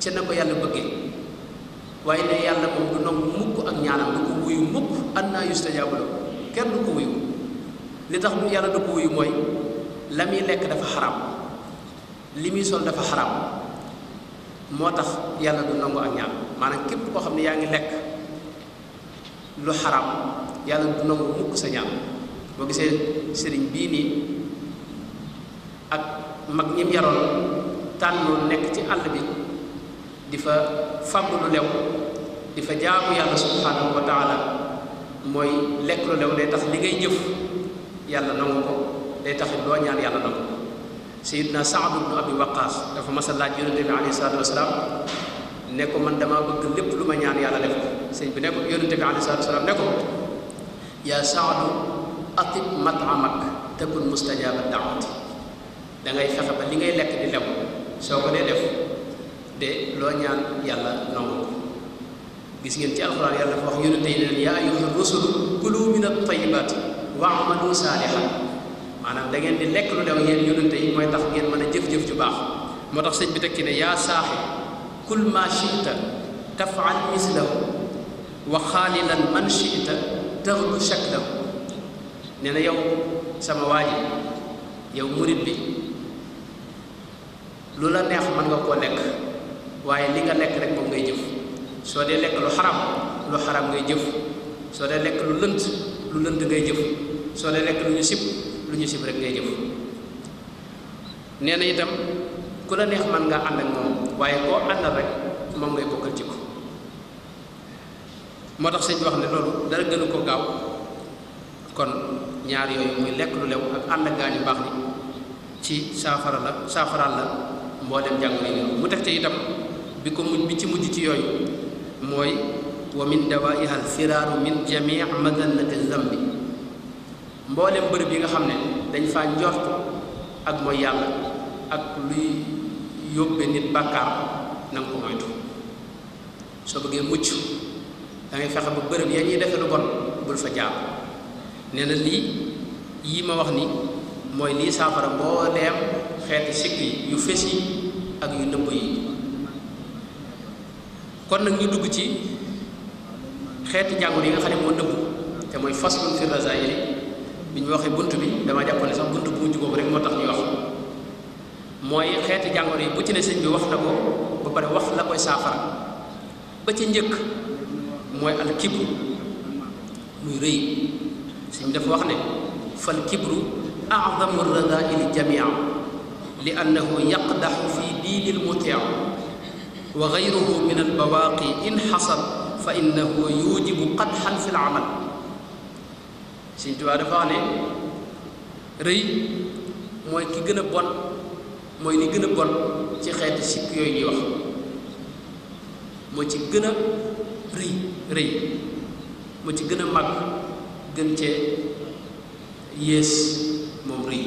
S1: ca na ko yàlla bëggee waaye ne yàlla moom du nangu mukk ak ñaanam du ko wuyu mukk annaa yustajaabu la kenn du ko wuyu li tax yàlla du ko wuyu mooy la muy lekk dafa xaram li muy sol dafa xaram motax yalla du nangu ak ñaan manam képp ko xamni yaangi lek lu haram yalla du nangu mukk sa ñaan bo gisee sëriñ bi ni ak mag ñim yaroon tanu nek ci àll bi difa fa lu lew difa jaamu yalla subhanahu wa taala moy lek lu lew day tax li ngay jëf yalla nangu ko day tax do ñaan yalla nangu سيدنا سعد بن ابي وقاص دا فا مسا لاج يونس بي عليه الصلاه والسلام نيكو مان داما بغ ليپ لوما نيان يالا ديف سيد بي نيكو يونس بي عليه الصلاه والسلام نيكو يا سعد اطب مطعمك تكون مستجاب الدعوه دا غاي فخا با لي غاي ليك دي لو سوكو دي ديف دي لو نيان يالا نونغو gis ngeen ci alquran yalla dafa wax yoonte yi ya ayyuhar rusul kulu min at-tayyibati wa'malu salihan maanaam da ngeen di lekk lu dew yéen yonente yi mooy tax ngeen mën a jëf-jëf ju baax moo tax sëñ bi tekki ne yaa saaxi kul ma chita tafal mislahu yi xaalilan man chita tëxlu shaklahu nee na yow sama waa ji yow murit bi lu la neex mën nga koo lekk waaye li nga lekk rek moom ngay jëf soo dee lekk lu xaram lu xaram ngay jëf soo dee lekk lu lënt lu lënt ngay jëf soo dee lekk lu ñu sib lu ñu sib rek ngay jëf nee na itam ku la neex man ngaa ànd ak moom waaye koo àndal rek moom ngay bokkal ci moo tax sëñ bi wax ne loolu dara gënu ko gaaw kon ñaar yooyu muy lekk lu lew ak ànd ak gaa ñu baax ni ci saafara la saafaraal la mboolem jàngoro yi mu teg te itam bi ko mujj bi ci mujj ci yooyu mooy wa min dawaiha al firaaru min jamii madannati zambi mbooleem bërëb yi nga xam ne dañ faa njort ak mooy yàlla ak luy yóbbe nit bàkkaar na nga ko moytu soo bëggee mucc da ngay fexe ba bërëb ya ñuy defe lu bon bul fa jaar nee na lii yi ma wax ni mooy lii saafara mbooleem xeeti sikk yu fés yi ak yu nëbb yi kon nag ñu dugg ci xeeti jàngur yi nga xam ne moo nëbb te mooy faslun fi rasaa'ili bi ñu waxee bunt bi dama jàpp ne sax bunt bu mujj boobu rek moo tax ñuy wax mooy xeeti jàngoro yi bu ci ne sëñ bi wax na ko ba pare wax la koy saafara ba ca njëkk mooy al kibru muy rëy sëñ bi dafa wax ne fal kibru a'zamu radaili jamia li annahu yaqdaxu fi diini lmutiu wa gayruhu min albawaaqi in xasal fa innahu yujibu qadxan fi lamal Sëñ Tuubaa dafa ne rëy mooy ki gën a bon mooy li gën a bon ci xeeti sikk yooyu ñuy wax moo ci gën a rëy rëy moo ci gën a mag gën cee yées moom rëy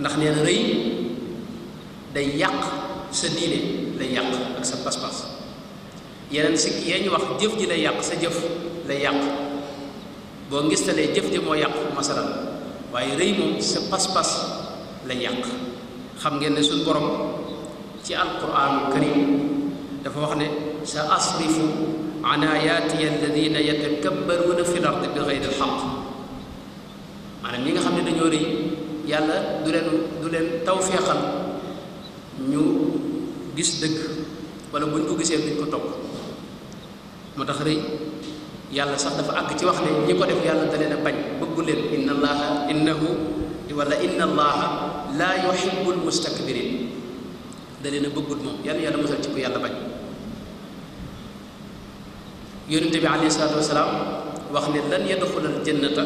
S1: ndax nee rëy day yàq sa diine lay yàq ak sa pas yeneen sikk yee ñu wax jëf ji lay yàq sa jëf lay yàq boo ngistalee jëf ja moo yàq masalan waaye rëy moom sa pas-pas la yàq xam ngeen ne suñ borom ci alquraanul karim dafa wax ne sa asrifu an ayaatiya alladina yatakabbaruuna fi l ard bi gayri l xaq maanaam ñi nga xam ne dañoo rëy yàlla du leen du leen tawféexal ñu gis dëkk walla buñ ko gisee duñ ko topp moo tax rëy yàlla sax dafa àgg ci wax ne ñi ko def yàlla da leen a bañ bëggu leen inna allaha innahu wala inna allaha laa yuhibbul mustakbirin da leen a bëggul moom yàlla yàlla musal ci ku yàlla bañ yonente bi alayhi salaatu wasalaam wax ne lan yadxulal jannata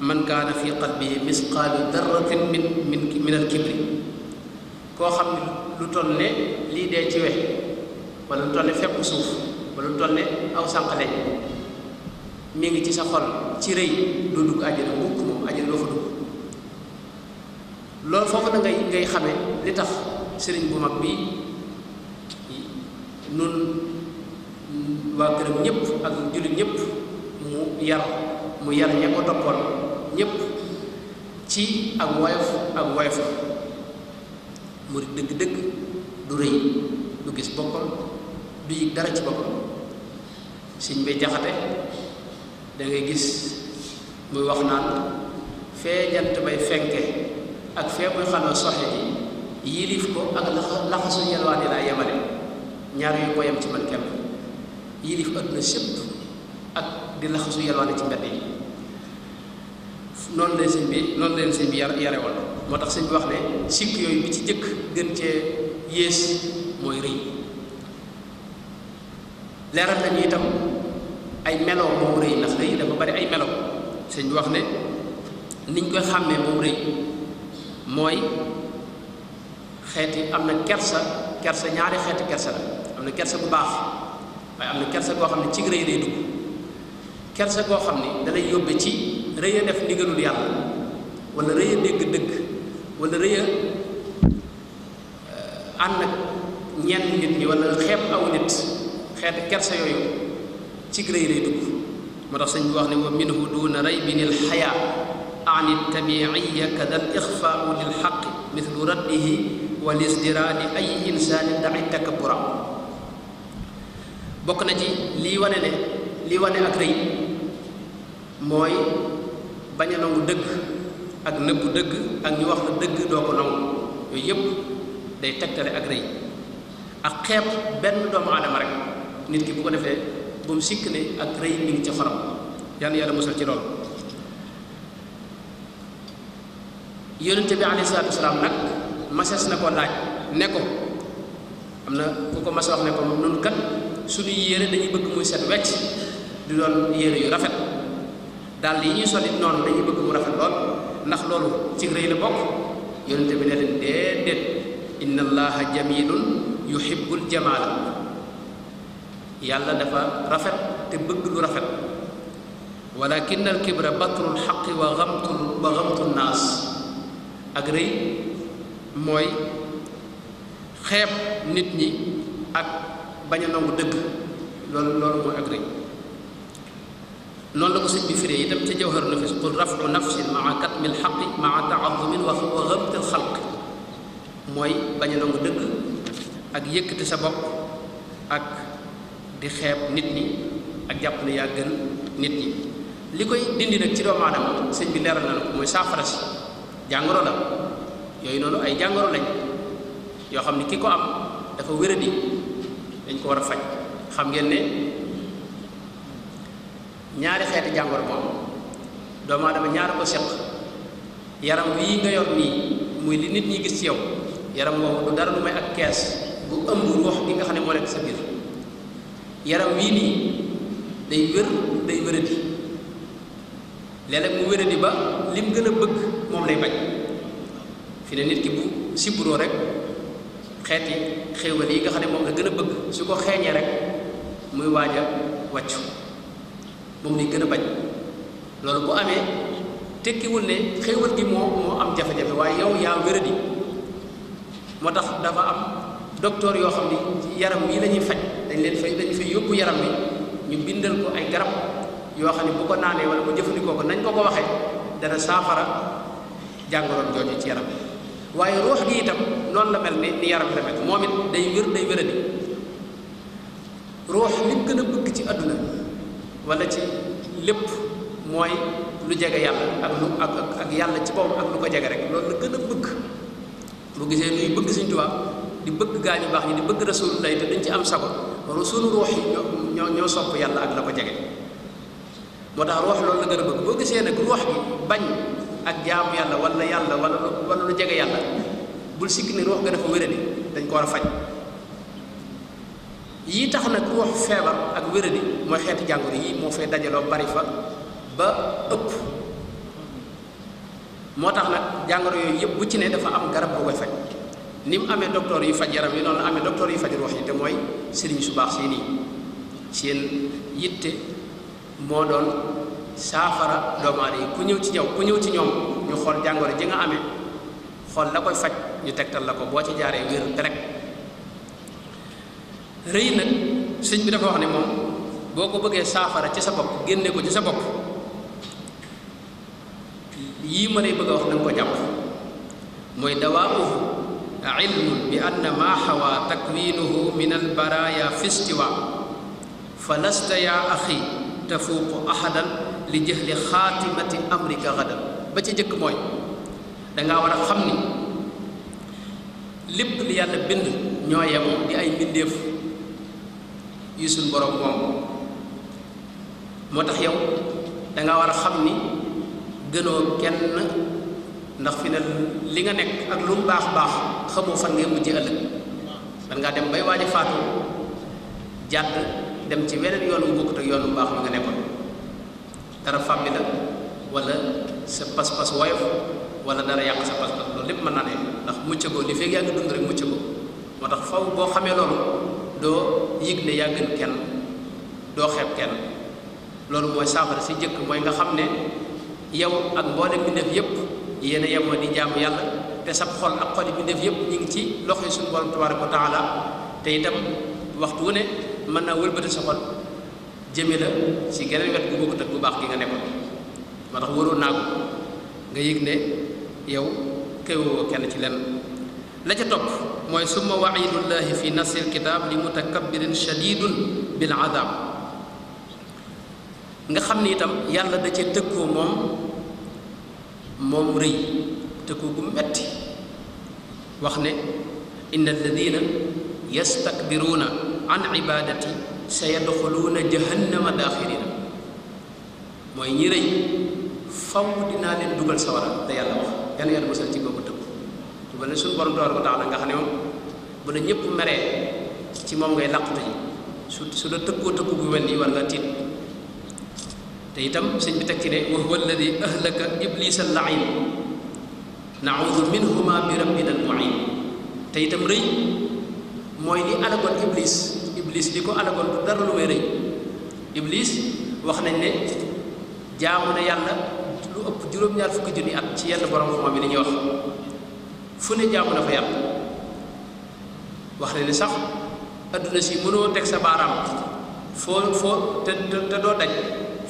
S1: man kaana fi qalbihi misqaalu darratin min min min al kibri koo xam ne lu toll ne lii dee ci wex wala lu toll ne fepp suuf wala lu toll ne aw sànqale mi ngi ci sa xol ci rëy doo dugg àjjana mukk moom àjjana doo fa dugg loolu foofu na ngay ngay xame li tax sëriñ bu mag bi nun waa këram ñëpp ak jullit ñëpp mu yar mu yar ña ko toppoon ñëpp ci ak woyof ak woyof murid dëgg-dëgg du rëy du gis boppam du yëg dara ci boppam sëñ bay jaxate da ngay gis muy wax naan fee jant bay fenke ak fee muy xamee soxe ji yilif ko ak laxasu yelwaane laa yemale ñaar yu ko ci man kenn yilif adduna sépp ak di laxasu yelwaane ci mbedd yi noonu leen sëñ bi noonu leen sëñ bi moo tax sëñ bi wax ne sikk yooyu bi ci jëkk gën cee yées mooy rëy leeral nañu itam ay melow boobu rëy ndax rëy dafa bari ay melow sëñ bi wax ne niñ koy xàmmee boobu rëy mooy xeeti am na kersa kersa ñaari xeeti kersa la am na kersa bu baax waaye am na kersa goo xam ne ci rëy day dugg kersa goo xam ne da lay yóbbe ci rëy a def ndigalul yàlla wala rëy a dégg dëgg wala rëy a ànd ak ñenn nit ñi wala xeeb aw nit xeeti kersa yooyu ci rëy lay dugg moo tax sëñ bi wax ne wa minhu duuna raybin alxaya an altabiiya kada alixfaau lilxaqi mithlu raddihi wa lisdiraadi ay insaanin daci takabura bokk na ci lii wane ne lii wane ak rëy mooy bañ a nangu dëgg ak nëbbu dëgg ak ñu wax la dëgg doo ko nangu yooyu yëpp day tegtale ak rëy ak xeeb benn doomu aadama rek nit ki bu ko defee bu mu sikk ne ak rëy mi ngi ci xorom yàlla yàlla musal ci loolu yónnente bi alayhi salaatu wasalaam nag masees na ko laaj ne ko am na ku ko mas wax ne ko nun kat suñuy yére dañuy bëgg muy set wecc di doon yére yu rafet daal yi ñuy solit noonu dañuy bëgg mu rafet lool ndax loolu ci rëy la bokk yónnente bi ne leen déedéet inna allaha jamilun yuhibbul jamaala يالا دفا رافت تي بغ رافت ولكن الكبر بطر الحق وغمط وغمط الناس اغري موي خيب نيت ني اك باغا نغ دغ لول لول مو اغري نون لاكو سيت بي فري يتام تي جوهر نفس قل رفع نفس مع كتم الحق مع تعظم وغمط الخلق موي باغا نغ دغ اك يكتي سا بوك اك di xeb nit ñi ak japp ne ya gën nit ñi likoy dindi nak ci doom adam señ bi leral na ko moy safara ci jangoro la yoy nonu ay jangoro lañ yo xamni kiko am dafa wéradi dañ ko wara fajj xam ngeen ne ñaari xeeti jangoro moom doom adam ñaar ko seq yaram wi nga yor ni muy li nit ñi gis ci yow yaram mo du dara lu may ak kees bu ëmb ruux gi nga xamni mo lek sa bir yaram wii nii day wér day wéradi léeg-léeg mu wéradi ba lim gën a bëgg moom lay bañ fi ne nit ki bu sibburoo rek xeeti xéewal yi nga xam ne moom la gën a bëgg su ko xeeñee rek muy waaj a moom lay gën a bañ loolu bu amee tekkiwul ne xéewal gi moo moo am jafe-jafe waaye yow yaa wéradi moo tax dafa am docteur yoo xam ni yaram yi la ñuy faj dañ leen fay dañ fay yóbbu yaram bi ñu bindal ko ay garab yoo xam ne bu ko naanee wala bu jëfandikoo ko nañ ko ko waxee dana saafara jàngoroon jooju ci yaram waaye ruux gi itam noonu la mel ni ni yaram bi la mel moom it day wér day wéradi ruux li gën a bëgg ci àdduna wala ci lépp mooy lu jege yàlla ak lu ak ak yàlla ci boppam ak lu ko jege rek loolu la gën a bëgg bu gisee ñuy bëgg Sëñ Tuubaa di bëgg gaa ñu baax ñi di bëgg Rasuulullaah te dañ ci am sago loolu sunu ruux yi ñoo ñoo sopp yàlla ak la ko jege moo tax ruux loolu na gën a bëgg boo gisee nag ruux gi bañ ak jaamu yàlla wala yàlla wala wala lu jege yàlla bul sikki ne ruux ga dafa wéradi dañ ko war a faj yi tax nag ruux feebar ak wéradi mooy xeeti jàngoro yi moo fay dajaloo bari fa ba ëpp moo tax nag jàngoro yooyu yëpp bu ci ne dafa am garab bu koy faj nim amé docteur yi faj yaram yi noonu la amee docteur yi fajar wax yi te mooy sëriñ su baax seen yi seen yitte moo doon saafara doomu aadama ku ñew ci ñëw ku ñew ci ñom ñu xol jangoro ji nga amé xol la koy faj ñu tektal la ko bo ci jaaree wër direct rëy nak serigne bi dafa wax ne mom boko bëggé safara ci sa bop génné ko ci sa bop yi ma lay bëgg wax da ko jàpp mooy dawaa علم بأن ما حوى تكوينه من البرايا في استواء فلست يا أخي تفوق أحدا لجهل خاتمة أمرك غدا بشي جك موي داغا ورا خامني لب لي يالا بند ñoo yem di ay mbindeef yu suñ borom moom moo yow da nga war kenn ndax fi ne li nga nekk ak lu mu baax baax xamoo fan ngay mujj ëllëg man ngaa dem bay waaj a faatu jàdd dem ci weneen yoon wu bokkut ak yoonu bu baax ma nga nekkoon dara fàmmi la walla sa pas-pas woyof wala dara yàq sa pas-pas loolu lépp mën naa ndax mucc ko li fekk yaa ngi dund rek mucc ko moo tax faw boo xamee loolu doo yëg ne yaa gën kenn doo xeeb kenn loolu mooy saafara si jëkk mooy nga xam ne yow ak mboolem bi nekk yépp yéen a yemoo di jaamu yàlla te sab xol ak xol bi def yëpp ñu ngi ci loxo su suñu borom tabaraka wa taala te itam waxtu wu ne mën naa wëlbati sa xol jëme la si geneen wet gu bokkut ak bu baax gi nga nekkoon moo tax wóoroon naa ko nga yëg ne yow këwoo kenn ci lenn la ca topp mooy summa waidullahi fi nasril kitaab li mutakabbirin shadidun bil adab nga xam ni itam yàlla da ca tëkkoo moom moom rëy tëkku gu metti wax ne inna alladina yastakbiruuna an ibadati sa yadxuluuna jahannama daaxirina mooy ñi rëy faw dinaa leen dugal sawara te yàlla wax yan yàlla mosal ci googu tëkku lu mel ne suñu borom door ko tax na nga xam ne moom bu la ñëpp meree ci moom ngay làqatu ji su su la tëkkoo tëkku gu mel nii war nga tiit te itam sëñ bi tekki ne wa huwa alladi ahlaka iblis allain naudu minhuma bi rabbina almuin te itam rëy mooy li alagoon iblis iblis li ko alagoon du dara lu may rëy iblis wax nañ ne jaamu na yàlla lu ëpp juróom-ñaar fukki junni at ci yenn borom xam-xam yi li wax fu ne jaamu na fa yàlla wax ne sax adduna si mënoo teg sa baaraam foo foo te te doo daj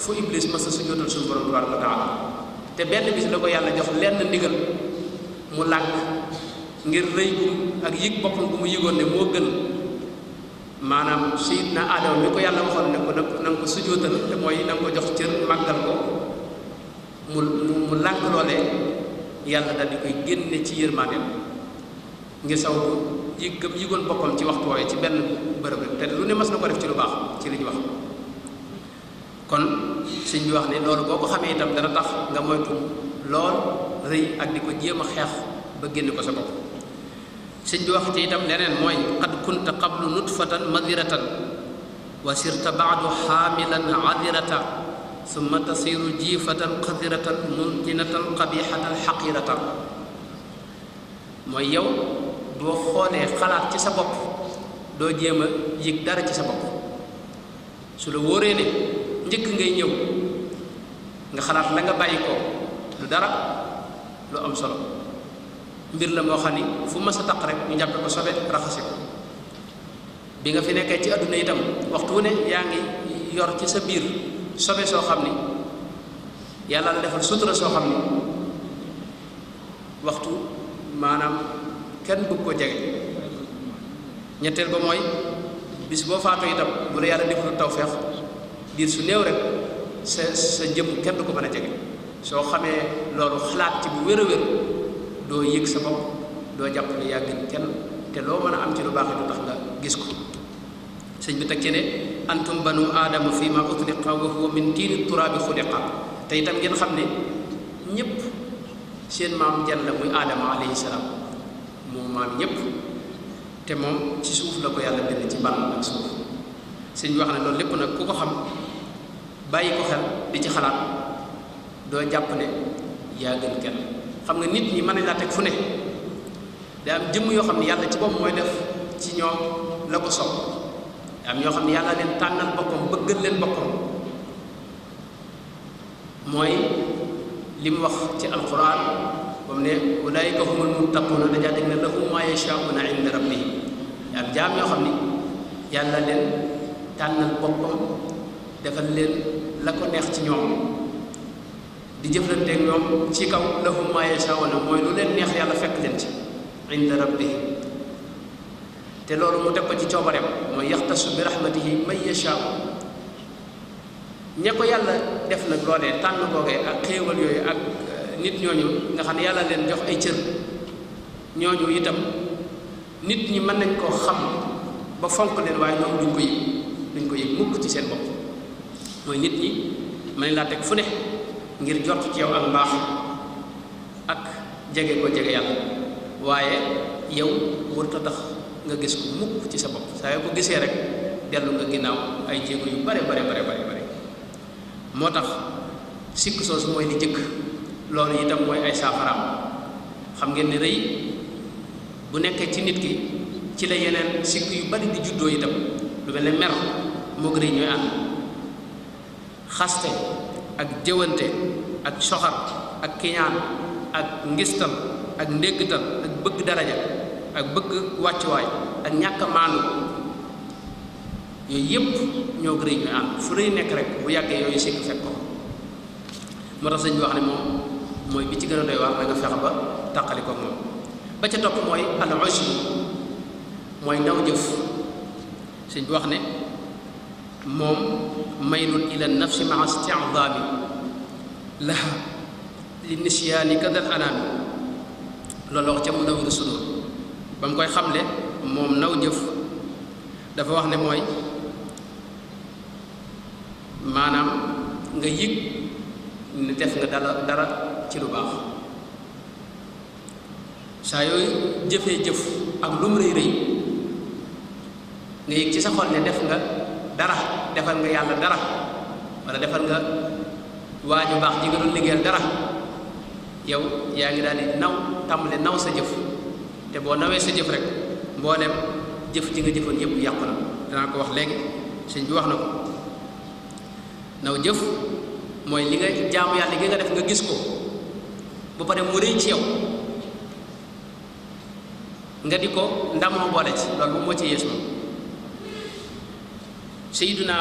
S1: fu iblis mas a sujjóotal suñu borom tabaraka wa taala te benn bis la ko yàlla jox lenn ndigal mu làkk ngir rëy bu ak yëg boppam bu mu yëgoon ne moo gën maanaam sayyidna Aadama mi ko yàlla waxoon ne ko na nga ko sujjóotal te mooy na nga ko jox cër màggal ko mu mu làkk loolee yàlla daal di koy génne ci yërmaaneem ngir saw ko yëg gëm yëgoon boppam ci waxtu woowee ci benn bërëb rek te lu ne mas na ko def ci lu baax ci li ñu wax kon sëñ bi wax ni loolu boo ko xamee itam dana tax nga moytu lool rëy ak di ko jéem a xeex ba génn ko sa bopp sëñ bi wax ci itam leneen mooy qad kunta qablu nutfatan madiratan wa sirta ba'du xaamilan adirata summa tasiru jiifatan qadiratan muntinatan qabixatan xaqiratan mooy yow boo xoolee xalaat ci sa bopp doo jéem a yëg dara ci sa bopp su la wóoree ne njëkk ngay ñëw nga xalaat la nga bàyyi ko lu dara lu am solo mbir la moo xam ni fu mas a taq rek ñu jàppe ko sobe raxasi bi nga fi nekkee ci àdduna itam waxtu wu ne yaa ngi yor ci sa biir sobe soo xam ni yàlla la defal sutura soo xam ni waxtu maanaam kenn bëgg ko jege ñetteel ba mooy bis boo faatoo itam bu la yàlla defal tawfeex diir su néew rek sa sa jëm kenn ko mën a jege soo xamee loolu xalaat ci bu wér a wér doo yëg sa bopp doo jàpp ne yaa gën kenn te loo mën a am ci lu baax nga gis ko bi teg ci ne antum fii ma utliqa wa huwa min tiini turaabi xuliqa te itam ngeen xam ne ñëpp seen maam jenn la muy aadama alayhi salaam moom maam ñëpp te moom ci suuf la ko yàlla bind ci ban ak suuf sëñ wax ne loolu lépp nag ku ko xam bàyyi ko xel di ci xalaat doo jàpp ne yaa gën kenn xam nga nit ñi mën nañ laa teg fu ne day am jëmm yoo xam ne yàlla ci bopp mooy def ci ñoom la ko am ñoo xam ne yàlla leen tànnal boppam leen boppam li mu wax ci alquran ba mu ne ulaayika humul muttaquuna dajaa dégg ne lahum maa yoo xam ne yàlla leen tànnal boppam defal leen la ko neex ci ñoom di jëflanteeg ñoom ci kaw lahum maa yashaawuna mooy lu leen neex yàlla fekk leen ci inda rabbihim te loolu mu teg ko ci coobareem mooy yaxtasu bi rahmatihi man yashaa ña ko yàlla def nag loolee tànn googee ak xéewal yooyu ak nit ñooñu nga xam ne yàlla leen jox ay cër ñooñu itam nit ñi mën nañ koo xam ba fonk leen waaye ñoom duñ ko yëg duñ ko yëg mukk ci seen bopp mooy nit ñi mën laa teg fu ne ngir jot ci yow ak mbaax ak jege ko jege yàlla waaye yow warut a tax nga gis ko mukk ci sa bopp saa yoo ko gisee rek dellu nga ginnaaw ay jéego yu bare bare bare bare bare moo tax sikk soosu mooy li jëkk loolu itam mooy ay saafaraam xam ngeen ni rëy bu nekkee ci nit ki ci la yeneen sikk yu bari di juddoo itam lu mel ne mer moo gën a ñooy ànd xaste ak jëwante ak soxar ak kiñaan ak ngistal ak ndéggital ak bëgg daraja ak bëgg wàccuwaay ak ñàkk maanu yooyu yëpp ñoo gërëy ñu ànd fu rëy nekk rek bu yàggee yooyu sikk fekk ko moo tax sëñ bi wax ne moom mooy bi ci gën a doy waar da nga fexe ba tàqali ko moom ba ca topp mooy al ushi mooy ndaw jëf sëñ bi wax ne moom maylun ila nafsi maa stidaami laha li nisyaani kadal anaami loolu wax ca mu naw nga sudóor ba mu koy xamle moom naw jëf dafa wax ne mooy maanaam nga yëg ne def nga dara dara ci lu baax saa yooyu jëfee jëf ak lum rëy rëy nga yëg ci sa xol ne def nga dara defal nga yàlla dara wala defal nga waa ju baax ji nga liggéeyal dara yow yaa ngi daal di naw tàmbali naw sa jëf te boo nawee sa jëf rek mboolem jëf ji nga jëfoon yëpp yàqu na danaa ko wax léegi sëñ bi wax na ko naw jëf mooy li nga jaamu yàlla gi nga def nga gis ko ba pare mu rëy ci yow nga di ko ndamoo boole ci loolu moo ci yees moom سيدنا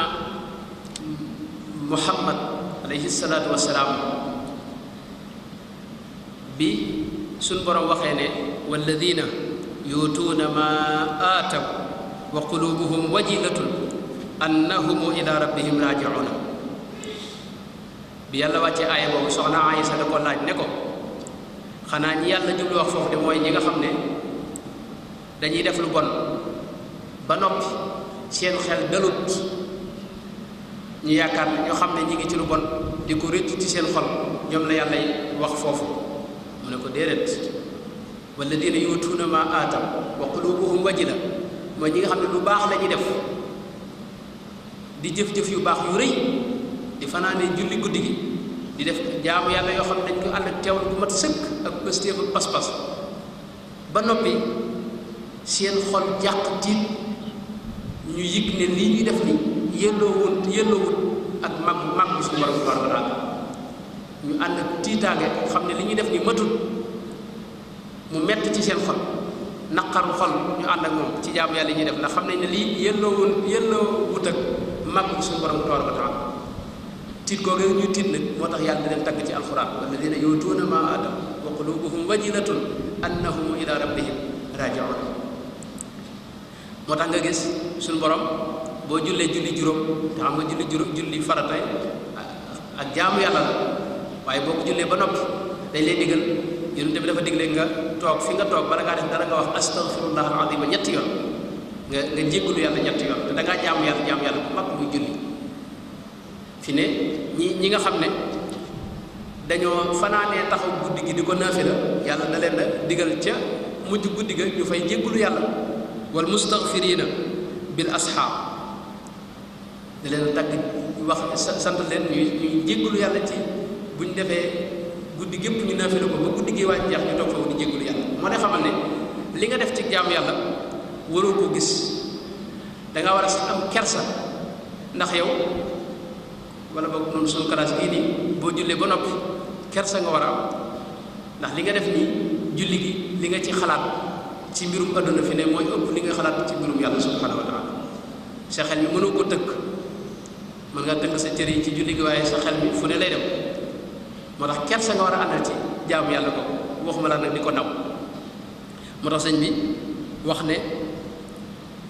S1: محمد عليه الصلاة والسلام بي سنبرا وخينة والذين يوتون ما آتوا وقلوبهم وجهة أنهم إلى ربهم راجعون بي الله واتي آية وصعنا آية صدق الله نكو خنا ني الله جبل وخفوخ دي موي نيغا خامني دانيي ديف لو بون با نوبي seen xel dalut ñu yaakaar na ñoo xam ne ñi ngi ci lu bon di ko rëccu ci seen xol ñoom la yàlla wax foofu mu ne ko déedéet walladina yuutuuna ma aataw wa waji la mooy ñi nga xam ne lu baax la ñuy def di jëf-jëf yu baax yu rëy di fanaanee julli guddi gi di def jaamu yàlla yoo xam ne dañ ko ànd ak teewal bu mat sëkk ak pëstéeful pas-pas ba noppi seen xol jàq tiit ñu yëg ne lii ñuy def ni yelloowul yelloowul ak mag mag bi suñu borom subhanahu wa taala ñu ànd tiitaange xam ne li ñuy def ni matul mu mett ci seen xol naqaru xol na ànd ak moom ci jaamu yàlla yi ñuy def ndax xam nañ ne lii yelloowul yelloowut ak mag bi suñu borom tabaraka ñu tiit moo tax yàlla di leen tagg ci alxuraan walladina yuutuuna maa aataw wa qulubuhum wajilatun annahum ila rabbihim rajiun motax eh. ya, ya, ya, nga gis sun borom bo julle julli jurom da nga julli jurom julli farata ak jaamu yalla la bok julle ba nopi day lay digal yonente bi dafa digle nga tok fi nga tok bala nga def dara nga wax astaghfirullah alazim ñett yoon nga nga jéggulu yalla ñett yoon te da nga jaamu yalla jaamu yalla bu mag muy julli fi ne ñi ñi nga xamne dañu fanane taxaw guddigi diko di yalla naafi la digal ca mujj guddiga ñu fay jéggulu yalla wal mustaghfirina bil asxaab da leen tagg wax sant leen ñuy ñuy yàlla ci bu ñu defee guddi gépp ñu naafila ko ba guddi gi waaj jeex ñu toog foofu di jéggalu yàlla moo ne xamal ne li nga def ci jaam yàlla waroo ko gis danga war a am kersa ndax yow wala boog noonu suñu classe gii nii boo jullee ba noppi kersa nga war a am ndax li nga def nii julli gi li nga ci xalaat ci mbirum adduna fi ne mooy ëpp li nga xalaat ci mbirum yàlla subhanahu wa taala sa xel mi mënoo ko tëkk mën nga tëkk sa cër yi ci julli gi waaye sa xel mi fu ne lay dem moo tax ker sa war a àndal ci jaamu yàlla ko waxuma la nag di ko naw moo tax sëñ bi wax ne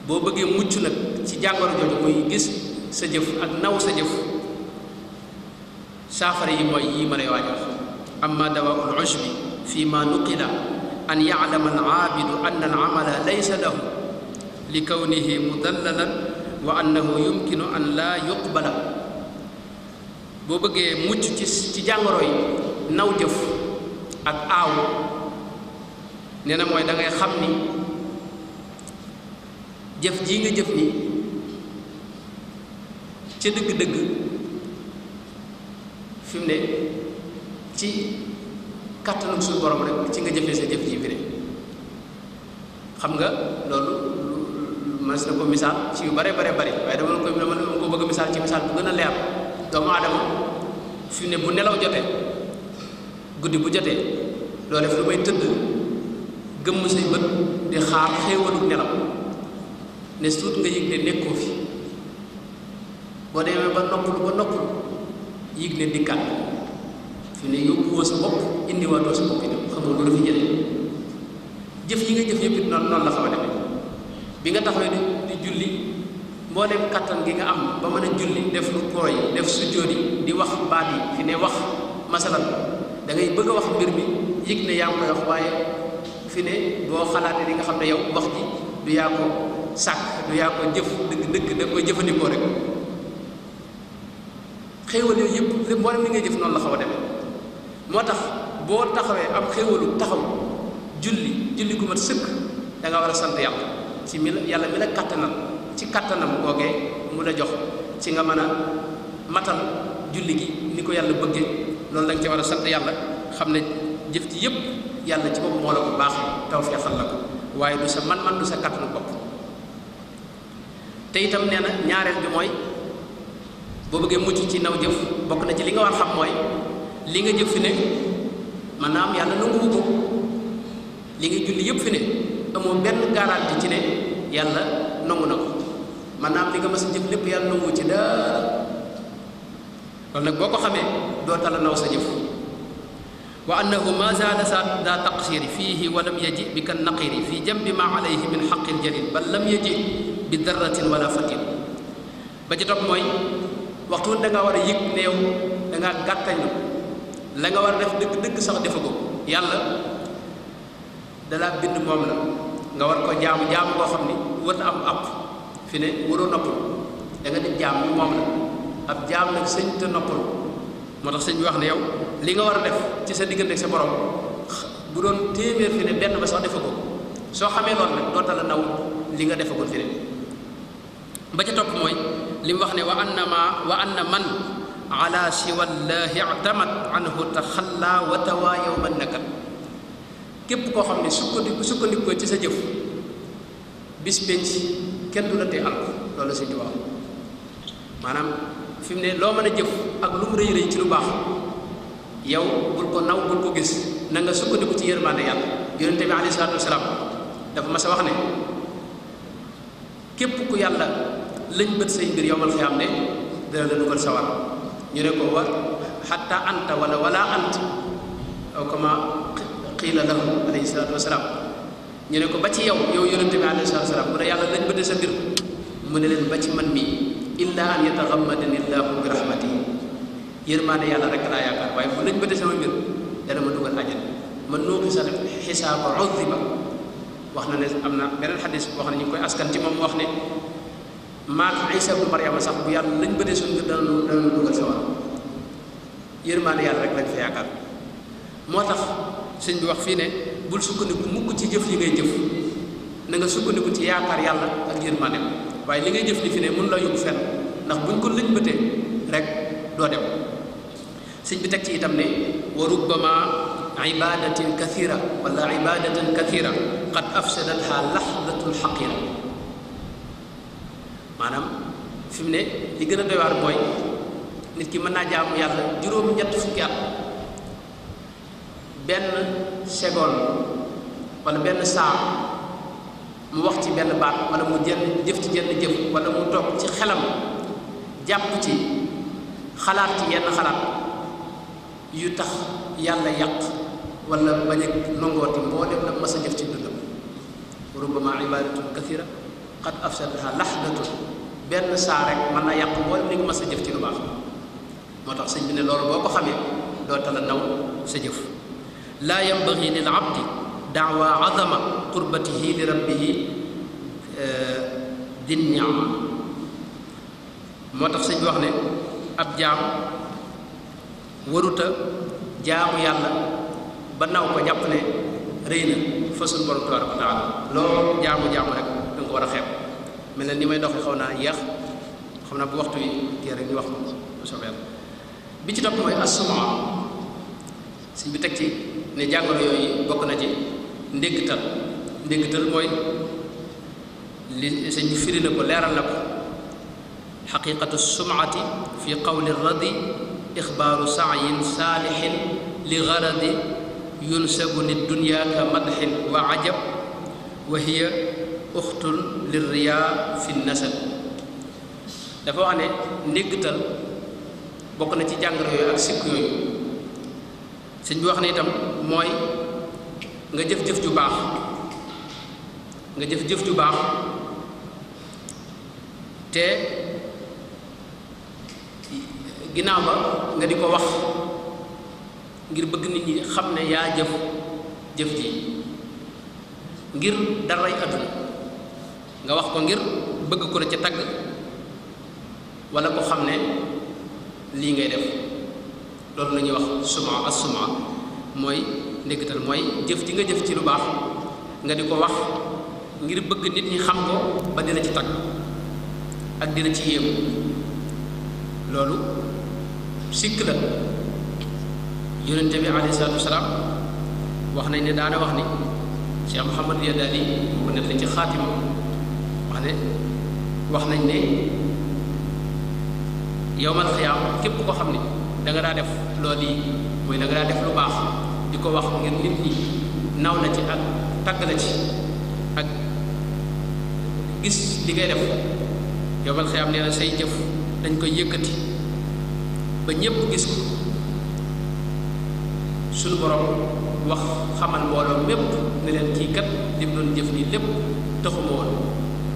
S1: boo bëggee mucc nag ci jàngoro jooju muy gis sa jëf ak naw sa jëf saafara yi mooy yi ma lay waaj wax amma dawaul ujbi fi ma nuqila أن يعلم العابد أن العمل ليس له لكونه مدللا وأنه يمكن أن لا يقبل بوبغي موتش تي جانغروي نوجف اك آو نينا موي داغي جف جيف جفني جيف ني تي kàttanam suñu borom rek ci nga jëfee sa jëf ji biré xam nga loolu mas na ko misaal ci yu bare bare bari waaye dama ko dama bëgg misaal ci misaal bu gën a fi ne bu nelaw jotee guddi bu jotee loolu def lu may tëdd gëmm say bët di xaar xéewalu nelaw ne suut nga yëg ne nekkoo fi boo demee ba noppalu ba noppalu yëg ne dikkaat fi ne yóbbuwoo sa bopp indiwaatoo sa bopp itam xamoo loolu jëf yi nga jëf yëpp noonu la xaw a demee bi nga taxawee di di julli mboolem kattan gi nga am ba mën a julli def lu kooy def sujjóot yi di wax baat yi fi ne wax masalan da ngay bëgg a wax mbir mi yëg ne yaa ngi koy wax waaye fi ne boo xalaatee li nga xam ne yow wax ji du yaa ko sàkk du yaa ko jëf dëgg dëgg da koy jëfandikoo rek xéewal yooyu yëpp lépp mboolem li ngay jëf noonu la xaw a moo tax boo taxawee am xéwalu taxaw julli julli gu mat sëkk da war a sant yàlla ci mi la yàlla mi la kàttanam ci kattanam googee mu la jox nga mën a matal julli gi ni ko yàlla bëggee loolu da war a sant yàlla xam ne jëf ci yàlla ci bopp moo la baax taw feexal la ko man-man du sa kattanu te itam nee na ñaareel bi mooy boo bëggee mucc ci naw jëf bokk na ci li nga war xam mooy li nga jëf fi ne man naa am yàlla nanguwu li nga julli yëpp fi ne amoo benn garantie ci ne yàlla nangu na ko man naa am li nga mas a jëf lépp yàlla nanguwu ci dara loolu nag boo ko xamee doo tala naw sa jëf wa annahu ma zaada sa daa taqsiri fiihi wa lam yaji bi kan naqiri fi jambi ma alayhi min xaqil jalil bal lam yaji bi darratin wala fatin ba ci topp mooy waxtu da ngaa war a yëg ne yow gàttañu la nga war a def dëgg dëgg sax defe ko yàlla dalaa bind moom la nga war ko jaamu jaamu boo xam ne war na am app fi ne waroo noppal da nga def moom la ab jaam nag sëñ te noppal moo tax sëñ bi wax ne yow li nga war a def ci sa diggante sa borom bu doon téeméer fi ne benn ba sax defe ko soo xamee loolu nag dootal a naw li nga defagul fi ne ba ca topp mooy li wax ne wa anna ma wa na man ala siwallaahi i'tamad anhu taxallaa wa tawaa yawman képp koo xam ne sukkandiku sukkandiku ko ci sa jëf bis penc kenn du la tee loolu Sëñ maanaam fi mu ne loo mën a jëf ak lu mu rëy rëy ci lu baax yow bul ko naw bul ko gis na nga sukkandiku ci yërmande yàlla yonente bi alayhi salaatu wasalaam dafa mas a wax ne képp ku yàlla lañ bët say mbir yowmal xiyaam ne dana la dugal sawar ñu ne ko wa xatta anta wala wala ant aw kama qiila lahu alayhi salaatu wasalaam ñu ne ko ba ci yow yow yonente bi alayhi salaatu wasalaam bu dee yàlla lañ bëgg sa mbir mu ne leen ba ci man mii illa an yataxammadani llahu bi rahmatihi yërmaande yàlla rek laa yaakaar waaye bu lañ bëgg sama mbir dana ma dugal àjjana man noo xisal xisaaba udiba wax na ne am na beneen xadis boo xam ne ñu ngi koy askan ci moom wax ne maak Isa bu sax bu yàlla nañ bëtee suñu ngir dana dana dugal sa war yërmaande yàlla rek lañ fa yaakaar moo tax sëñ bi wax fii ne bul sukkandiku mukk ci jëf yi ngay jëf nanga sukkandiku ci yaakaar yàlla ak yërmaande waaye li ngay jëf li fi ne mën la yóbbu fenn ndax buñ ko lëñ bëtee rek doo dem sëñ bi teg ci itam ne wa rubbama ibadatin kathira wala ibadatan kathira qad afsadatha lahdatul xaqira maanaam fi mu ne li gën a doy waar mooy nit ki mën naa jaamu yàlla juróom ñett fukki at benn seconde wala benn saa mu wax ci benn baat wala mu jël jëf ci jenn jëf wala mu toog ci xelam jàpp ci xalaat ci yenn xalaat yu tax yàlla yàq wala bañ a nongooti mboo dem la mas jëf ci dundam rubama ibadatun kathira قد افسدها لحظه بن سا رك مانا ياك مول نيك مسا جيف تي لو باخ موتاخ سيغ بني لولو بوكو خامي دو تانا داو سا جيف لا ينبغي للعبد دعوى عظمه قربته لربه دي آه، النعمه موتاخ سيغ واخني اب جام وروتا جامو يالا با ناو كو جاب ني رينا فاسل بورو تبارك وتعالى لو جامو جامو رك ko war a xeeb mel na ni may doxal xaw naa yéex xam naa bu waxtu yi kii rek ñu wax ma bu soobee yàlla bi ci topp mooy assamaa suñ bi teg ci ne jàngoro yooyu bokk na ci ndéggtal ndéggtal mooy li sëñ bi firi na ko leeral na ko xaqiqatu sumaati fi qawli radi ixbaaru saayin saalixin li garadi yunsabu lid dunya ka madxin wa ajab wa hiya uxtun lirriya fi nasab dafa wax ne ndéggtal bokk na ci jàngoro yooyu ak sikk yooyu sëñ bi wax ne itam mooy nga jëf-jëf ju baax nga jëf-jëf ju baax te ginnaaw ba nga di ko wax ngir bëgg nit ñi xam ne yaa jëf jëf ji ngir daray àdduna nga wax ko ngir bëgg ku la ci tagg wala ko xam ne lii ngay def loolu la ñuy wax suma as suma mooy ndéggatal mooy jëf ci nga jëf ci lu baax nga di ko wax ngir bëgg nit ñi xam ko ba dina ci tagg ak dina ci yéemu loolu sikk la yonente bi alayhi salaatu wasalaam wax nañ ne daana wax ni Cheikh Mouhamad Yadali mu nekk ci xaatima ne wax nañ ne yowmal xiyaam képp ko xam ne danga nga daa def loolu yi mooy da nga daa def lu baax di ko wax ngir nit ñi naw na ci ak tàgg na ci ak gis li ngay def yowmal xiyaam nee na say jëf dañ koy yëkkati ba ñépp gis ko suñu borom wax xamal mbooloo mépp ne leen kii kat lim doon jëf nii lépp taxuma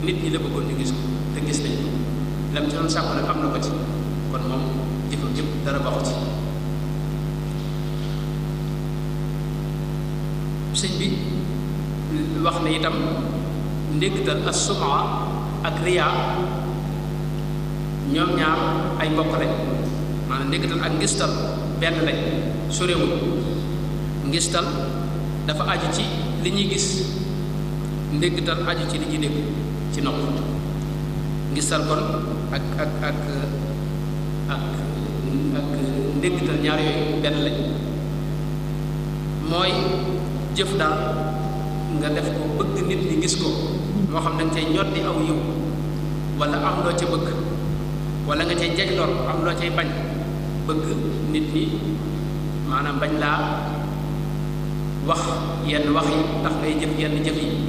S1: nit ñi la bëggoon ñu gis ko te gis nañ lam ci doon nag am na ko ci kon moom jëfam jëpp dara baaxu ci sëñ bi wax na itam ndéggtal as sumaa ak riyaa ñoom ñaar ay mbokk lañ maanaam ndéggtal ak ngistal benn lañ sorewul ngistal dafa aju ci li ñuy gis ndéggtal aju ci li ñuy dégg ci nopp ngistal kon ak ak ak ak ak ñaar yooyu benn lañ mooy jëf daal nga def ko bëgg nit ñi gis ko moo xam danga cay ñoddi aw yiw wala am loo ca bëgg wala nga cay jaj lor am loo cay bañ bëgg nit ñi maanaam bañ laa wax yenn wax yi ndax ngay jëf yenn jëf yi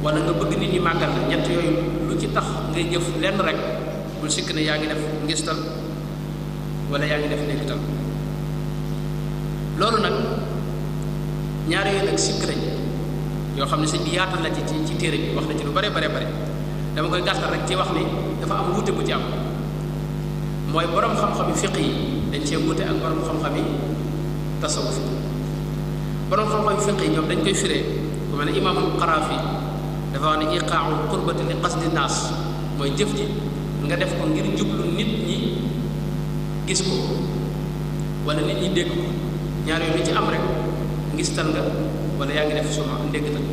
S1: wala nga bëgg nit ñi màggal la ñett yooyu lu ci tax ngay jëf lenn rek bul sikk ne yaa ngi def ngistal wala yaa ngi def néegital loolu nag ñaar yooyu nag sikk lañ yoo xam ne si bi yaatal la ci ci téere bi wax na ci lu bare bare bare dama koy gàttal rek ci wax ni dafa am wuute bu ci am mooy borom xam-xam yi fiq yi dañ cee wuute ak borom xam-xam yi tasawuf borom xam-xam yi fiq yi ñoom dañ koy firee ku mel ne imaamul Qaraafi dafa wax ne iqaaul qurbati li qasdi naas mooy jëf ji nga def ko ngir jublu nit ñi gis ko wala nit ñi dégg ko ñaar yooyu ci am rek ngistal nga wala yaa ngi def suma ndéggtal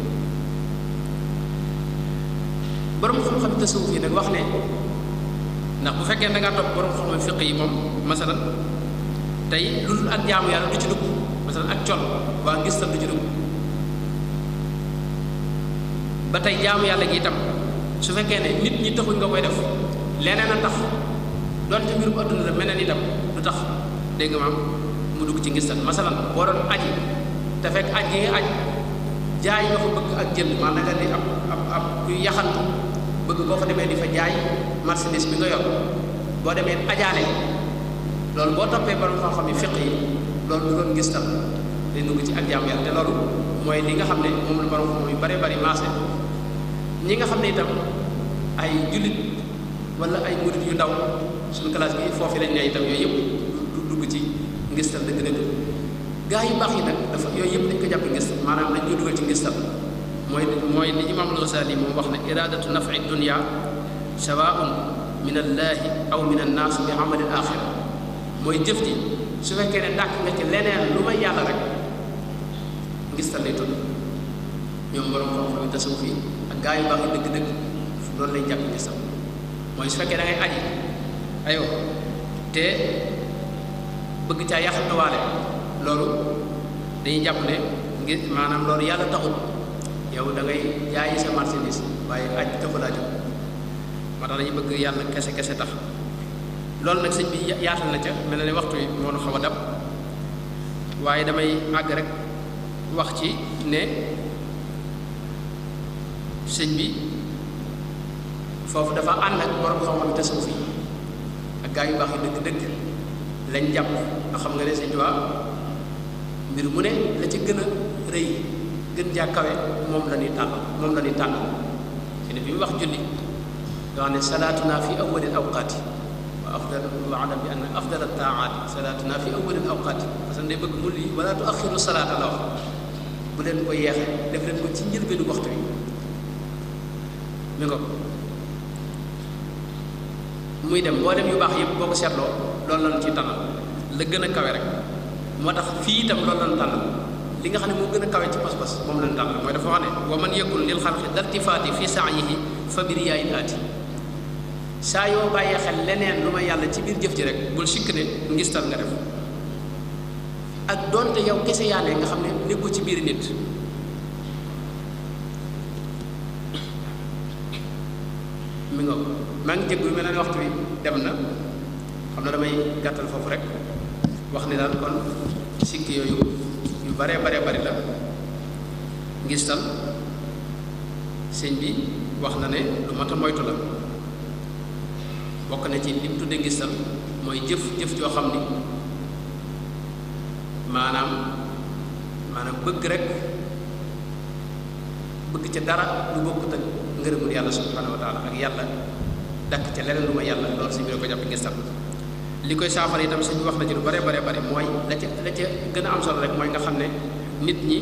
S1: borom xam-xam tasawuf yi nag wax ne ndax bu fekkee da ngaa topp borom fiq yi moom masalan tey lu ak jaamu yàlla du ci dugg masalan ak col waa ngistal du ci dugg ba tey jaamu yàlla gi itam su fekkee ne nit ñi taxuñ nga koy def leneen a tax donte mbirum adduna la meneen itam du tax dégg nga maam mu dugg ci ngistal masalan boo doon aji te fekk aj gi nga aj jaay nga fa bëgg ak jënd maanaam nga ne ab ab ab kuy yaxantu bëgg boo fa demee di fa jaay marchandise bi nga yor boo demee ajaale loolu boo toppee borom xam-xam yi fiq yi loolu du doon ngistal day dugg ci ak jaamu yàlla te loolu mooy li nga xam ne moom la borom xam-xam yu bare bari maase ñi nga xam ne itam ay julit wala ay murit yu ndaw suñu classe bi foofu lañ ne itam yooyu yëpp du dugg ci ngistal dëgg-dëgg gaa yu baax yi nag dafa yooyu yëpp dañ ko jàpp ngistal maanaam dañ ko dugal ci ngistal mooy mooy ni imam al-Ghazali moom wax ne iradatu nafci dunya sawaun min allaahi aw min annaas bi amali al axira mooy jëf ji su fekkee ne dàkk nga ci leneen lu may yàlla rek ngistal lay tudd ñoom borom xam-xam yi tasawuf yi gaa yu baax dëgg-dëgg loolu lay jàpp ne sax mooy su fekkee da ngay aji te bëgg caa yàqal na waale loolu dañuy jàpp ne ngir maanaam loolu yàlla taxul yow da ngay jaayi sa marchandise waaye aj taxul a jóg moo bëgg yàlla kese kese tax loolu nag sëñ bi yaatal na ca mel na ne waxtu yi moo nu xaw a dab waaye damay àgg rek wax ci ne sëñ bi foofu dafa ànd ak borom xam-xam te suuf yi ak gaa yu baax yi dëgg-dëgg lañ jàpp nga xam nga ne sëñ Tuubaa mbir mu ne la ci gën a rëy gën jaa kawe moom la ñuy tànn moom la ñuy tànn ci ne bi mu wax julli da wax ne salaatuna fi awwalil awqaati wa afdal wa alam bi anna afdal taaati salaatuna fi awwalil awqaati parce que day bëgg mu lii wala tu axiru salaata la wax bu leen ko yeexe def leen ko ci njëlbeenu waxtu bi mi nga ko muy dem boo dem yu baax yëpp boo ko seetloo loolu lañ ci tànnal la gën a kawe rek moo tax fii itam loolu lañ tànnal li nga xam ne moo gën a kawe ci pas-pas moom lañ tànnal mooy dafa wax ne wa man yakun lil xalqi dartifaati fi saayihi fa bir yaayin aati saa yoo bàyyee xel leneen lu ma yàlla ci biir jëf ji rek bul sikk ne ngistal nga def ak donte yow kese yàlla nga xam ne nekkul ci biir nit loolu maa ngi jéggu mel ne waxtu wi dem na xam na damay gàttal foofu rek wax ni daal kon sikk yooyu yu baree baree bari la ngis tal sëñ bi wax na ne lu mat moytu la bokk na ci lim tudde ngis mooy jëf jëf joo xam ni maanaam maanaam bëgg rek bëgg ca dara lu bokkut ak ngërëmul yàlla subhanahu wa taala ak yàlla dakk ca leneen lu ma yàlla loolu suñ bi ne ko jàpp ngir sàmm li koy saafara itam suñ wax na ci lu bare bare bare mooy la ca gën a am solo rek mooy nga xam ne nit ñi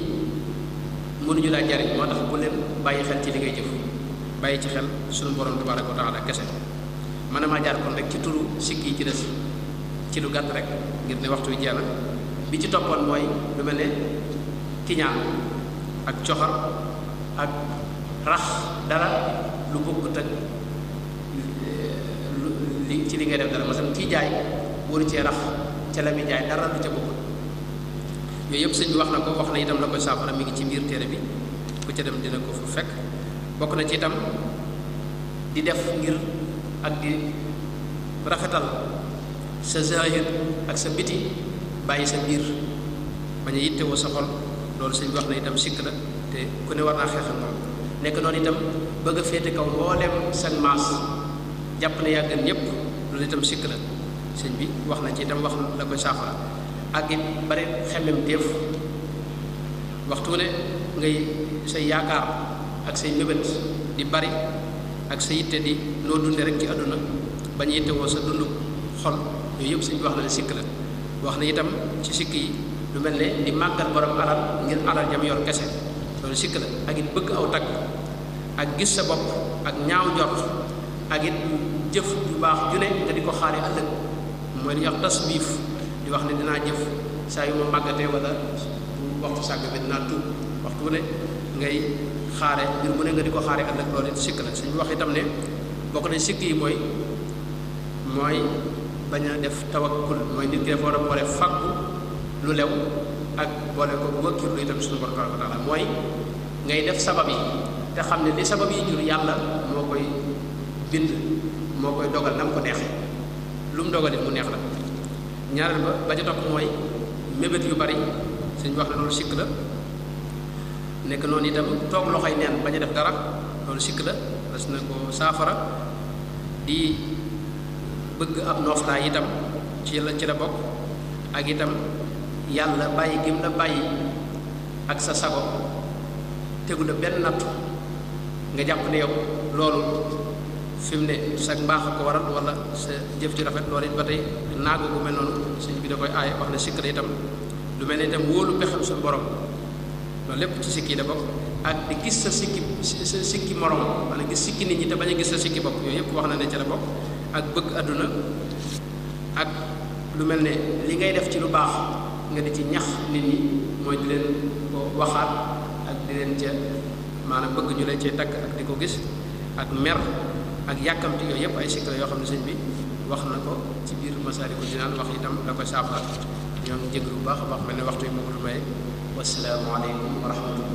S1: mënuñu laa jariñ moo tax bu leen bàyyi xel ci li ngay jëf bàyyi ci xel suñu borom tabaraka wa taala kese mën na maa jaar kon rek ci turu sikk yi ci des ci lu gàtt rek ngir ne waxtu wi jeex na bi ci toppoon mooy lu mel ne kiñaan ak coxar rah dara lu bokkut ak li ci li ngay def dara masam kii jaay waru ci rah ci la mi jaay dara lu ci bokkut yooyu yëpp señ bi wax na ko wax na itam la koy safara mi ngi ci biir téere bi ku ci dem dina ko fu fek bok na ci itam di def ngir ak di rafetal sa zahir ak sa biti bàyyi sa biir bañ yitté wo sa xol lolou señ bi wax na itam sik la te ku ne war naa xeexal mom nek non itam bëgg fété kaw mboolem sen maas japp na yaa ñep lu itam sik la sëñ bi wax na ci itam wax la ko safa ak it bare xemmem def waxtu ne ngay say yaakaar ak say mebet di bari ak sa yitte di lo dundé rek ci aduna bañ yitte wo sa dundu xol yooyu yëpp sëñ bi wax na sik la wax na itam ci sik yi lu melne di magal borom alal ngir alal jam yor kese loolu sik la ak it bëgg aw takk ak gis sa bopp ak ñaaw jot ak it jëf ju baax ju ne nga di ko xaare ëllëg mooy li ñuy di wax ne dinaa jëf saa yu ma màggatee wala waxtu sàgg bi dinaa tuub waxtu ne ngay xaare mbir mu ne nga di ko xaare ëllëg loolu it sikk la suñ wax itam ne ko dee sikk yi mooy mooy bañ a def tawakkul mooy nit ki dafa war a boole fàggu lu lew ak boole ko wëkkir lu itam suñu borom tabaaraka wa taala mooy ngay def sabab yi te xam ne li sabab yi jur yàlla moo koy bind moo koy dogal na mu ko neexee lu mu dogalee mu neex la ñaareel ba ba ca topp mooy mébét yu bari suñ wax ne loolu sikk la nekk noonu itam toog loxoy neen bañ a def dara loolu sikk la des na ko saafara di bëgg ab nooflaay itam ci la ci la bokk ak itam yàlla bàyyi gim bàyyi ak sa sago tegu la benn nattu nga jàpp ne yow loolu fi mu ne sax mbaax a ko waral wala sa jëf ci rafet loolu it ba tey naagu bu mel noonu sëñ bi da koy aaye wax ne sikk la itam lu mel ne itam wóolu pexam sa borom loolu lépp ci sikki da bokk ak di gis sa sikki sa sikki morom sikki nit ñi te gis sa sikki bopp yooyu yëpp wax na ne ci la ak bëgg àdduna ak lu mel ne li ngay def ci lu baax nga di ci ñax nit ñi mooy di leen waxaat ak di leen ca maanaam bëgg ñu leen cee takk ak di ko gis ak mer ak yàkkamti yooyu yëpp ay sikk yoo xam ne sëñ bi wax na ko ci biir Masaalikul Jinaan wax itam la ko saafara ñoo ngi jégalu bu baax a baax mel ne waxtu yi moo ko du maye wasalaamaaleykum
S2: wa rahmatullah